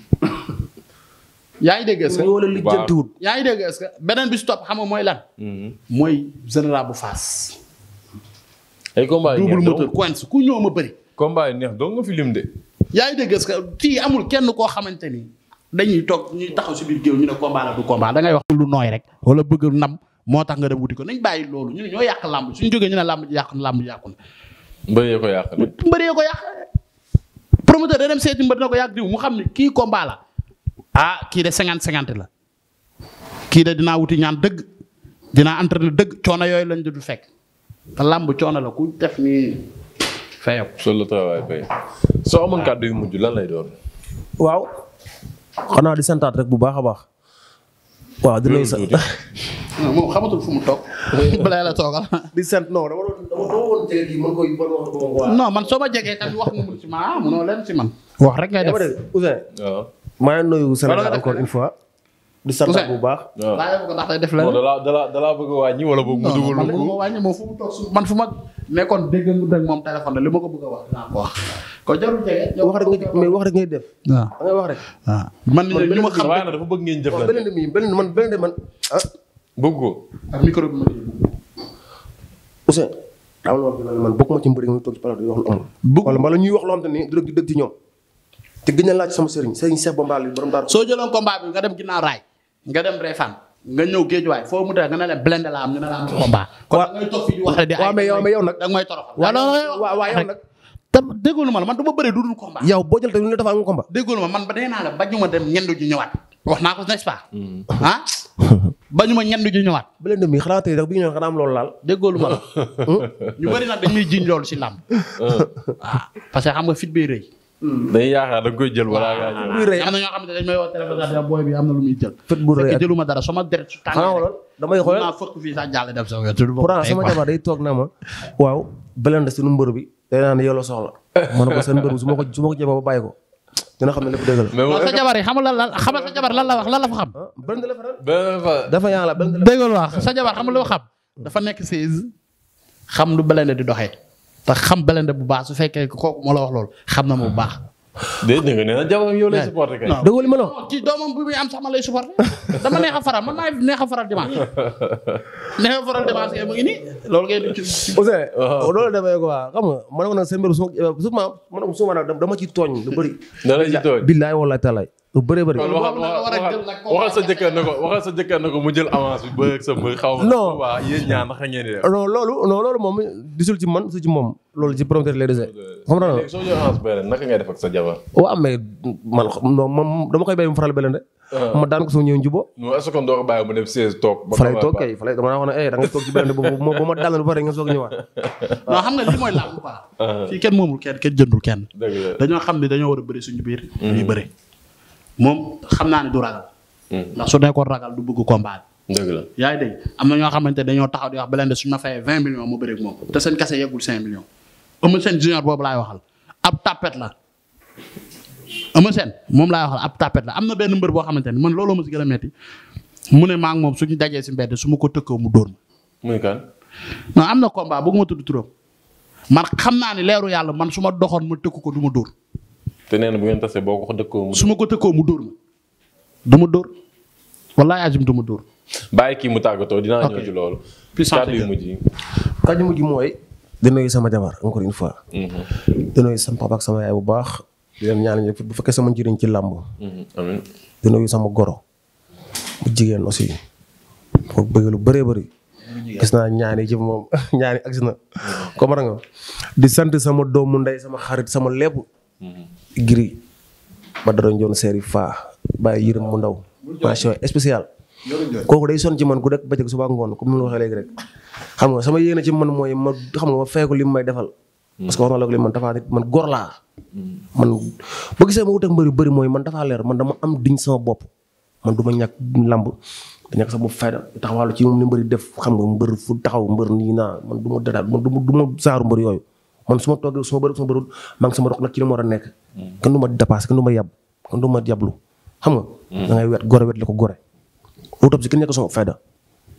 yaa ngi dégg est-ce que yaa ngi dégg est beneen bi si topp mooy lan. Mm-hmm. mooy général bu faas. ay combat ku ñëw ma bëri. combat neex doo nga fi lim de. yaa ngi dégg est-ce que amul kenn koo xamante ni dañuy toog ñu taxaw si biir géew ñu ne combat du combat da ngay wax lu nooy rek. wala bëgg nam moo tax nga dem wuti ko nañ bàyyi loolu ñu ne ñoo yàq làmb suñu jógee ñu ne làmb ji yàq na làmb ji yàqu na. ko yàq promoteur da dem seeti mbër na ko yàgg diw mu xam ne kii combat la ah kii de cinquante cinquante la kii de dinaa wuti ñaan dëgg dinaa entraîné dëgg coono yooyu lañ du fekk te làmb coono la ku def nii fayam. solo travail fay soo amoon kàddu yu mujj lan lay doon. waaw xanaa di santaat rek bu baax a baax waaw di nuyu sax. moom xamatul fu mu toog. [laughs] bala yàlla toogal. di sant non dama doon dama man soo ma jegee tamit wax nga ci ma ah munoo leen ci man. wax rek ngay def Ousseyn. waaw maa ngi nuyu Sénégal encore fois. di sant bu baax. waaw laa ko ndax day def lenn. dala dala dala bëgg a wàññi wala boog mu dugal ko. man fu mu toog man fu ma. nekkoon dégg nga moom téléphone la li ma ko bëgg a wax dinaa ko wax. ko jarul jege wax rek wax rek ngay def. waaw da ngay wax rek. Ah. waaw man li ma xam waaye nag dafa bëgg ngeen jëf la beneen bi beneen man beneen man ah. bëgg ko ma déglu. Ousseyn. am na wax man bokkuma ci mbir yi ñu toog ci palaatu yi wax lu amul. bëgg wala mbala ñuy wax loo xam te ni du dëgg dëgg ci ñoom. te gën a laaj sama sëriñ sëriñ Cheikh Bamba li borom daara. soo jëloon combat bi nga dem ginnaaw raay nga dem Réfane nga ñëw géejuwaay foo mu tax nga ne leen blende la am ñu ne la am combat. kon da ngay toog fii di wax rek di ay waaw mais yow nag da nga nag te déggoolu ma la man du ma bëree du dul combat. yow boo jël te ñu dafa am combat. déggoolu ma man ba dee naa la bañu ma dem ñendu ju ñëwaat wax naa ko n'est-ce pas. Mm. ah [laughs] bañu ma ñendu ju ñëwaat. bu leen demee xanaa tey rek bi ñu ñëw xanaa am loolu laal. déggoolu ma la [laughs] hmm? ñu bëri nag dañuy jiñ loolu si làmb. Hmm. ah parce que xam nga fit bi rëy. Hmm. dañuy yaakaar da nga koy jël wala nga ñëw. am na ñoo xam ne dañ may wax téléphone daal booy bi am na lu muy jël. fit bu rëy ak jëluma dara sama deret su tàngee damay xoolal fëkk fii sax jàll dem sama wet. pourtant sama jabar day toog na ma waaw bëlende suñu mbër bi day naan yow la soxla. ma ne ko seen mbër su ma ko su ma ko jëmee ba bàyyi ko. dina xam ne lépp dëgg la. sa jabar yi xamul la la wax lan la fa xam. Ah, benn la dafa yaa la benn la dëgg la wax sa jabar xamul loo xam. dafa nekk seize xam lu Blindé di doxee. te xam Blindé bu baax su fekkee kooku moo la wax lool xam na ma bu baax déedéet nga ne la jabaram yow lay supporté kay. dëgg ma loo ci doomam bu muy am sax ma lay supporté dama neex a faral man maa neex a faral dimanche [laughs] neex a mu ngi nii loolu ngay dem ci. Ousseyn [laughs] loolu dafay ko waa xam nga man ma nag seen mbir su ma eh, man ma dama ci tooñ lu bëri. dana ci tooñ billaay lu bëree bëri. waxal sa jëkkër ne ko waxal sa jëkkër ne ko mu jël avance bi bëgg sa xaw ma. non waaw yéen ñaar naka ngeen di def. non loolu moom di ci man gisul ci moom loolu ci promoteur lay dese. xam nga sa jabar. waaw mais man non dama koy bàyyi mu faral beneen ah. ma daan ko soo ñëwee njuboo. non est-ce que doo bàyyi mu dem siège toog. fa lay toog kay fa lay dama wax ne eh da toog ci beneen bi ba ma dàll ba pare nga soog ñëwaat. [laughs] non xam nga lii mooy làmb quoi. Ah. fii kenn moomul kenn kenn jëndul kenn. dañoo xam ne dañoo war a bëri suñu biir mm-hmm. ñuy bëri moom xam naa ne du ragal. Hmm. ndax su nekkoon ragal du bëgg combat bi. dëgg yaa ngi dégg am na ñoo xamante dañoo taxaw di wax Blindé su ma fayee vingt millions mu bëri ak moom te seen kase yeggul cinq millions. Eumeu Sène junior boobu laay waxal ab tapet la Eumeu Sène moom laay waxal ab tapet la am na benn mbër boo xamante ne man looloo ma si gën a metti mu ne maa ngi moom suñu dajee si mbedd su ma ko tëkkoo mu dóor ma. muy am na combat bëgguma tudd turam man xam naa ne leeru yàlla man su ma ma tëkku ko du ma dóor. te nee na bu ngeen tasee boo ko dëkkoo mu. su ma ko dëkkoo mu dóor ma du ma dóor wallaahi ajum du ma dóor. bàyyi kii mu tàggatoo dinaa ñëw ci loolu. puissance kàddu yu mujj yi. kàddu mujj mooy. di nuyu sama jabar encore une fois. Mhm. di nuyu sama papa ak sama yaay bu baax. di leen ñaanal bu fekkee sama njëriñ ci làmb. Mhm, amiin di nuyu sama goro. mu jigéen aussi. foog bëgg lu bëree bëri. gis naa ñaani ci moom [laughs] ñaani agsi na. Mhm. comprendre nga di sant sama doomu ndey sama xarit sama lépp. Gris Badara Ndione Serif Fa bàyyi yërëm mu ndaw mention spéciale kooku day sonn ci man ku rek bëccëg suba ngoon comme ni ma waxee léegi rek xam nga sama yéene ci man mooy ma xam ma fay ko li mu may defal parce que man dafaa man góor laa man ba gisee ma wut ak mbëri bëri mooy man dafaa leer man dama am diñ sama bopp man du ma ñàkk làmb da ñàkk sama fayda taxawaalu ci moom ni mbëri def xam nga mbër fu taxaw mbër nii naa man du ma dara man du ma saaru mbër yooyu man su ma toogee su ma ma bëriwul maa ngi sama roq nag ci li ma war a nekk. kenn du ma dépassé kenn du ma yab kenn du ma yablu xam nga. Mm. da ngay wet gore ko gore. autopsie si kenn nekk sama fayda.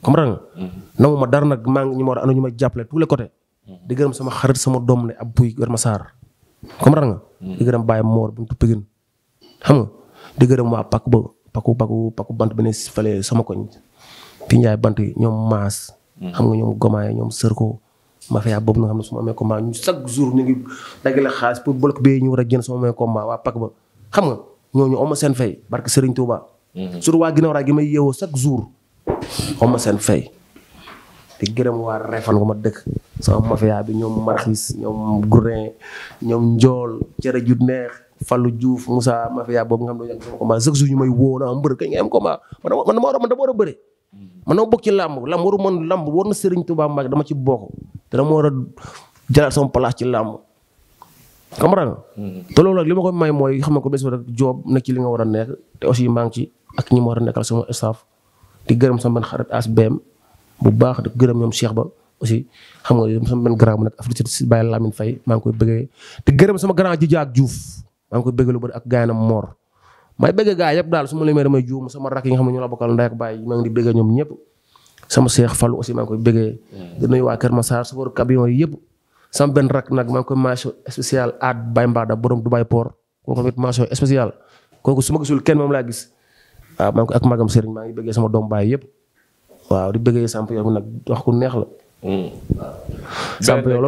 comprendre nga. Mm-hmm. nangu ma dara nag maa ñu ma war ma jàppale tous les côtés. Mm-hmm. di gërëm sama xarit sama doom ne ab buy Kër Massar. comprendre nga. Mm-hmm. di gërëm Baye Mor buntu nga di gërëm waa Pàcc ba Pàccu Pàccu Pàccu bant bi ne fële sama koñ. Pi bant yi ñoom Maas. xam nga ñoom Gomaay ñoom Serko mafia boobu nga xam ne su ma amee combat ñu chaque jour ñu ngi dagale xaalis pour bloc bee ñu war a jënd su ma amee combat waa pak ba xam nga ñooñu oma seen fay barke Serigne Touba. Mhm. surtout waa ginnaaw raay gi may yeewoo chaque jour oma seen fay. te gërëm waa Refane gu ma dëkk sama mafia bi ñoom Marxis ñoom Gourin ñoom Njool cere ju neex Fallou Diouf Moussa mafia boobu nga xam ne dañoo am combat chaque jour ñu may woo na am mbër kañ nga am combat man man dama war a man dama war a bëre man dama bokk ci làmb làmb waru man làmb war na Serigne Touba Mbacke dama ci bokk te dama war a jëlaat sama place ci làmb comprendre nga. te loolu nag li ma ko may mooy xam ne ko bés rek ci li nga war a nekk te aussi maa ngi ci ak ñi ma war a nekkal sama staff di gërëm sama benn xarit ASBM bu baax di gërëm ñoom Cheikh Ba. aussi xam nga sama benn grand bu nekk Afrique si Baye Lamine Faye maa ngi koy bëggee te gërëm sama grand Jija ak Diouf maa ngi koy bëggee lu bëri ak gaynam moor may bëgg gaa yëpp daal su ma limee damay juum sama rakk yi nga xam ne ñu la bokkal ndey ak baay maa ngi di bëgg ñoom ñëpp sama seex Fallu aussi maa ngi koy bëggee hmm. di nuyu waa Kër yëpp sama benn rakk nag maa ngi koy mention spéciale aat Baye Mbada borom Dubai port kooku tamit mention spéciale kooku su kenn moom laa gis waaw maa ak magam Serigne maa ngi bëggee sama doom baay yëpp waaw di bëggee samp yow nag wax ku neex la samp hmm. yow la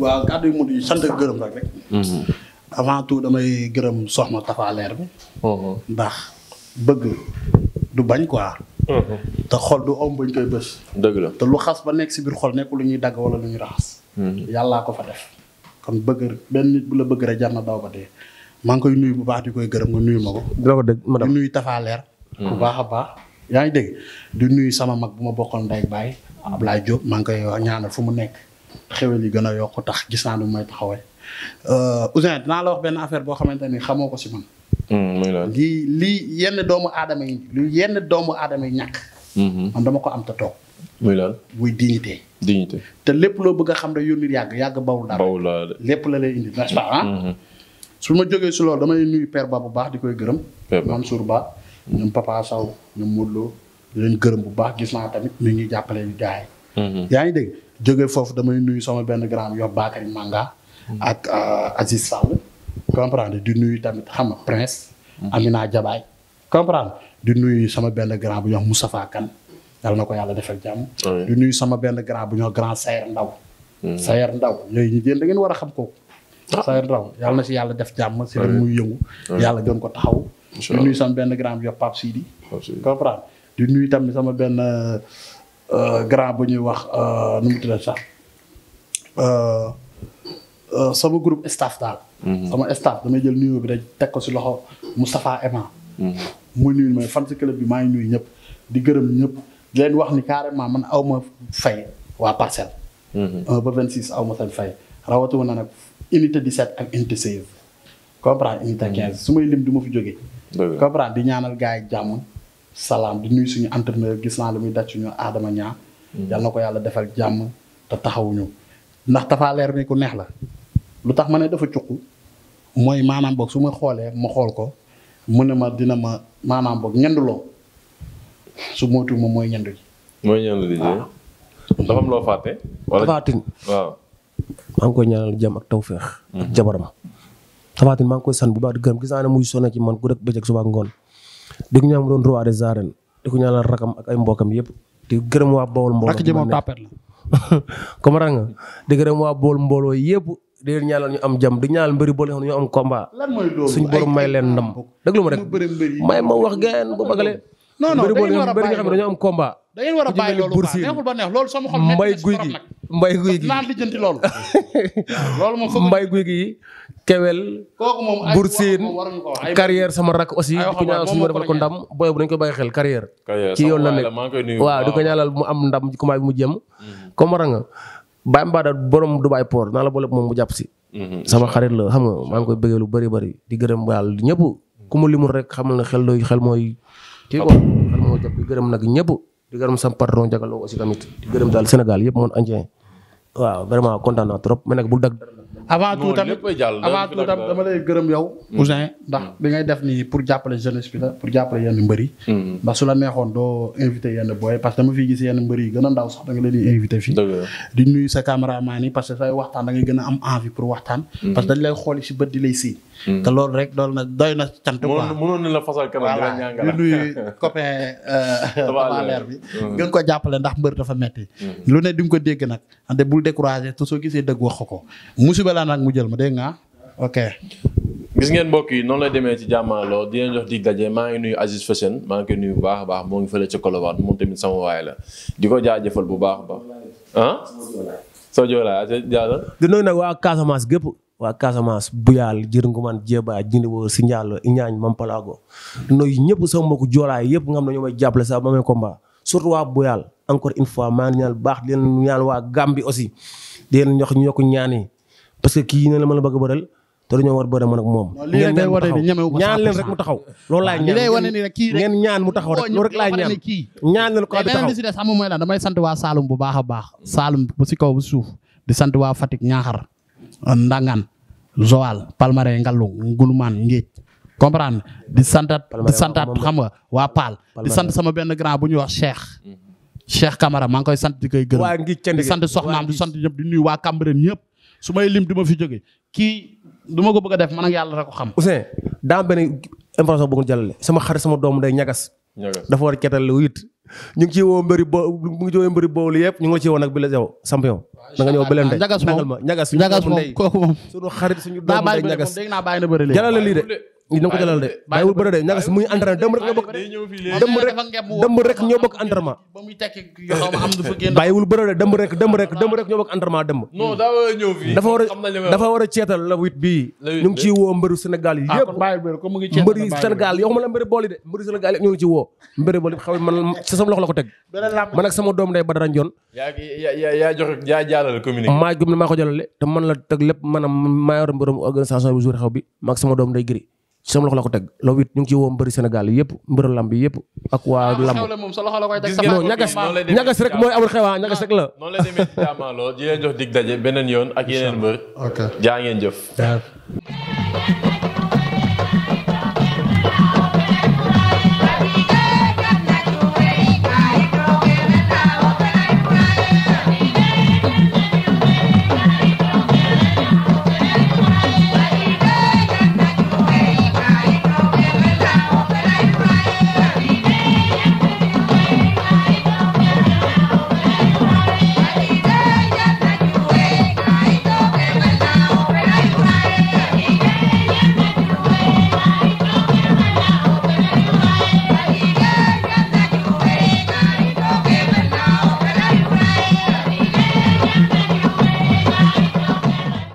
waaw kàddu yu mujj avant tout damay gërëm soxna Tafa Leer bi. Mhm. ndax bëgg du bañ quoi. Mhm. te xol du om bañ koy bës. dëgg la te lu xas ba nekk si biir xol nekk lu ñuy dagg wala lu ñuy raxas. Mhm. yàllaa ko fa def. kon bëgg benn nit bu la bëgg rek jar na daw ba dee maa ngi koy nuyu bu baax di koy gërëm nga nuyu ma ko. dina ko dégg madame nuyu Tafa Leer. bu baax a baax. yaa ngi dégg di nuyu sama mag bu ma bokkoon ndey ak baay Ablaye Diop maa ngi koy ñaanal fu mu nekk xéwal yi gën a yokk tax gis naa nu may taxawee. Euh, Ouzin dinaa la wax benn affaire boo xamante ni xamoo ko si man. Hmm, lii lii yenn doomu aadama yi yenn doomu aadama yi ñàkk. Hmm. dama ko am te toog. muy lan te lépp loo bëgg a xam rek yónni yàgg yàgg bawul dara. lépp la lay hmm. su ma jógee si damay nuyu Ba bu baax di koy gërëm. Mansour Ba. ñoom Papa leen gërëm bu baax gis naa tamit ñu ngi jàppale ñu gars yaa ngi dégg jógee foofu damay nuyu sama benn grand yob Bakary Manga. ak euh, Aziz Sall comprendre di nuyu tamit xam nga prince mm-hmm. Amina Jabaay comprendre di nuyu sama benn grand bu ñuy wax Moustapha Kane na ko yàlla defal jàmm di nuyu sama benn grand bu ñuy wax Ndaw mm-hmm. Sayer Ndaw yooyu ñu jéen ngeen war a xam kooku ah. Sayer Ndaw yàlla na si yàlla def jàmm si la muy yëngu yàlla gën ko taxaw benn grand bu ñuy wax Pape Sidi comprendre di nuyu tamit sama benn euh, euh, bu ñuy wax nu mu tuddee sax Euh, sama groupe staff daal. Mhm. sama staff damay jël nuyoo bi rek teg ko si loxo Moustapha Ema. Mhm. muy nuyu mooy fan ci club bi maa ngi nuyu ñëpp di gërëm ñëpp di leen wax ni carrément man aw ma fay waa parcelle. 1 mhm. ba 26 aw ma seen fay rawatuma na nag unité set ak unité 16. comprendre unité 15 su may lim du ma fi jógee. comprendre di ñaanal gars yi jàmm salaam di nuy suñu entraîneur gis naa lu muy daj suñu aadama ñaa. yal na ko yàlla defal jàmm te taxawuñu ndax dafa ku neex la. lu tax ma ne dafa cuq mooy maanaam boog su ma xoolee ma xool ko mu ne ma dina ma maanaam boog ñanduloo su moytu moom mooy ñandu ji. mooy loo fàtte. wala Tapha Tine waaw. maa ngi koy ñaanal jàmm ak tawféex. Mhm. ak bu baax di gërëm gis naa ne muy sonn ci man ku rek bëccëg suba ngoon. di ko ñaan mu doon roi des di ko ñaanal rakam ak ay mbokam yépp di gërëm waa Bawol mbooloo. rakk ji la. [laughs] di gërëm waa Bawol mbooloo yëpp. di leen ñu am jàmm di ñaanal mbëri boole xam ne ñu am leen ndam. déglu ma rek wax geen bu bëggee. non non nga xam ne am combat. da war a bàyyi ba loolu sama xol mbay guy gi mbay guy gi naan lijjanti [laughs] mbay guy gi kewel. kooku moom ay sama rakk aussi. di ko ñaanal suñu ma a ko ndam booy bu dañ ko bàyyi xel carrière. ci yoon la nekk waaw di ko ñaanal mu am ndam ci combat bi mu jëm. Mm-hmm. comme war nga. Baye Mbada borom Dubai port naa la boole moom mu jàpp si. Mhm. sama xarit la xam nga maa ngi koy bëggee lu bëri bëri di gërëm yàlla ñëpp ku mu limul rek xamal na xel looy xel mooy. kii quoi xel moo jàpp di gërëm nag ñëpp di gërëm sam patron jagaloo aussi tamit di gërëm daal Sénégal yëpp moom entier waaw vraiment kontaan naa trop mais bu dag avant tout tamit avant tout tamit dama lay gërëm yow. Mm. Ouzin ndax mm. bi ngay def nii pour jàppale jeunesse bi la pour jàppale yenn mbëri. ndax mm. su la neexoon doo invité yenn booy parce que dama fiy gis yenn mbëri yi gën a ndaw sax da nga leen di invité fii. di nuyu sa caméraman yi parce que say waxtaan da ngay gën a am envie pour waxtaan. parce que dañ lay xool si bët di lay sii. Hmm. te loolu rek dool na doy na cant quoi mënoon na la fasal kanam dina ñàngal di Leer [laughs] euh, bi hmm. gën ko jàppale ndax mbër dafa metti hmm. lu ne di nga ko dégg nag ante bul découragé te soo gisee dëgg wax ko musiba laa nag mu jël ma dégg nga ok gis ngeen mbokk yi noonu lay demee ci jàmmaarloo di leen jox dig daje maa ngi nuyu Aziz Fashion maa ngi koy nuyu bu baax a baax moo ngi fële ca Colobane moom tamit sama waay la di ko jaajëfal bu baax a baax ah soo joolaa jaajëf di nuyu nag waa Casamance waa Casamance Buyal Jërëngumaan Jéba Jindibo Sindialo Iñaañ Mampalago nooyu ñëpp sama mbokku joolaay yëpp nga xam ne ñoo may jàppale saa ba may combat surtout waa Buyal encore une fois maa ngi ñaan baax di leen waa Gàmbi aussi di leen ñox ñu yokk ñaan yi parce que kii ne ma la bëgg a bëral te dañoo war bëre man ak moom. ngeen ñaan rek mu taxaw. loolu laay mu taxaw rek loolu laay ñaan ñaan leen ko taxaw damay sant waa Saalum bu baax a baax Saalum bu si kaw bu suuf di sant waa Fatick Ñaaxar Ndangan Joal Palmarin Ngalung Ngulumaan Ngéej comprendre di santat xam nga waa Paal di sant sama benn grand bu ñuy wax Cheikh. Mhm. Cheikh Camara maa ngi koy sant di koy gërëm di sant soxnaam di sant ñëpp di nuyu waa Cambérène ñëpp su may lim di ma fi jóge kii du ma ko bëgg def man ak yàlla rek xam. Ousseyn daa am benn information bu nga jàllale sama xarit sama doom day ñagas. dafa war a ketal ñu ngi ciy woo mbëri bo ñu ngi ciy woo mbëri boolu yëpp ñu ngi la ciy woo nag bi la yow champion da nga ñëw belende ñagas moom ñagas moom kooku moom suñu xarit suñu doom ñagas dégg naa bàyyi na bëri lii de dina ko dalal de bàyyiwul bëre de ñagas muy entraîné dem rek ñoo bokk dem rek dem rek ñoo bokk entraînement bàyyiwul bëre de dem rek dem rek dem rek ñoo bokk entraînement dem dafa war a dafa war a ceetal la wit bii ñu ngi ciy woo mbëru Sénégal yi ah, yëpp mbëri Sénégal yoo xam la mbëri booli de mbëri Sénégal yëpp ñu ngi ciy woo mbëri booli xaw man ci sama loxo la ko teg man ak sama doom day Badara Ndione yaa joxe yaa jàllale communiqué maa gëm ne maa ko jàllale te man la teg lépp maanaam maa yor mbërum organisation bi jour xew bi maag sama doom day gëri sama loxo la ko teg la wit ñu ngi ci woo mbëri Sénégal yëpp mbëru lamb yëpp ak waa ah, lamb ñagas ñagas rek mooy amul xewa ñagas rek la noonu la demee jaamaaloo di leen jox dig beneen yoon ak yeneen mbër jaa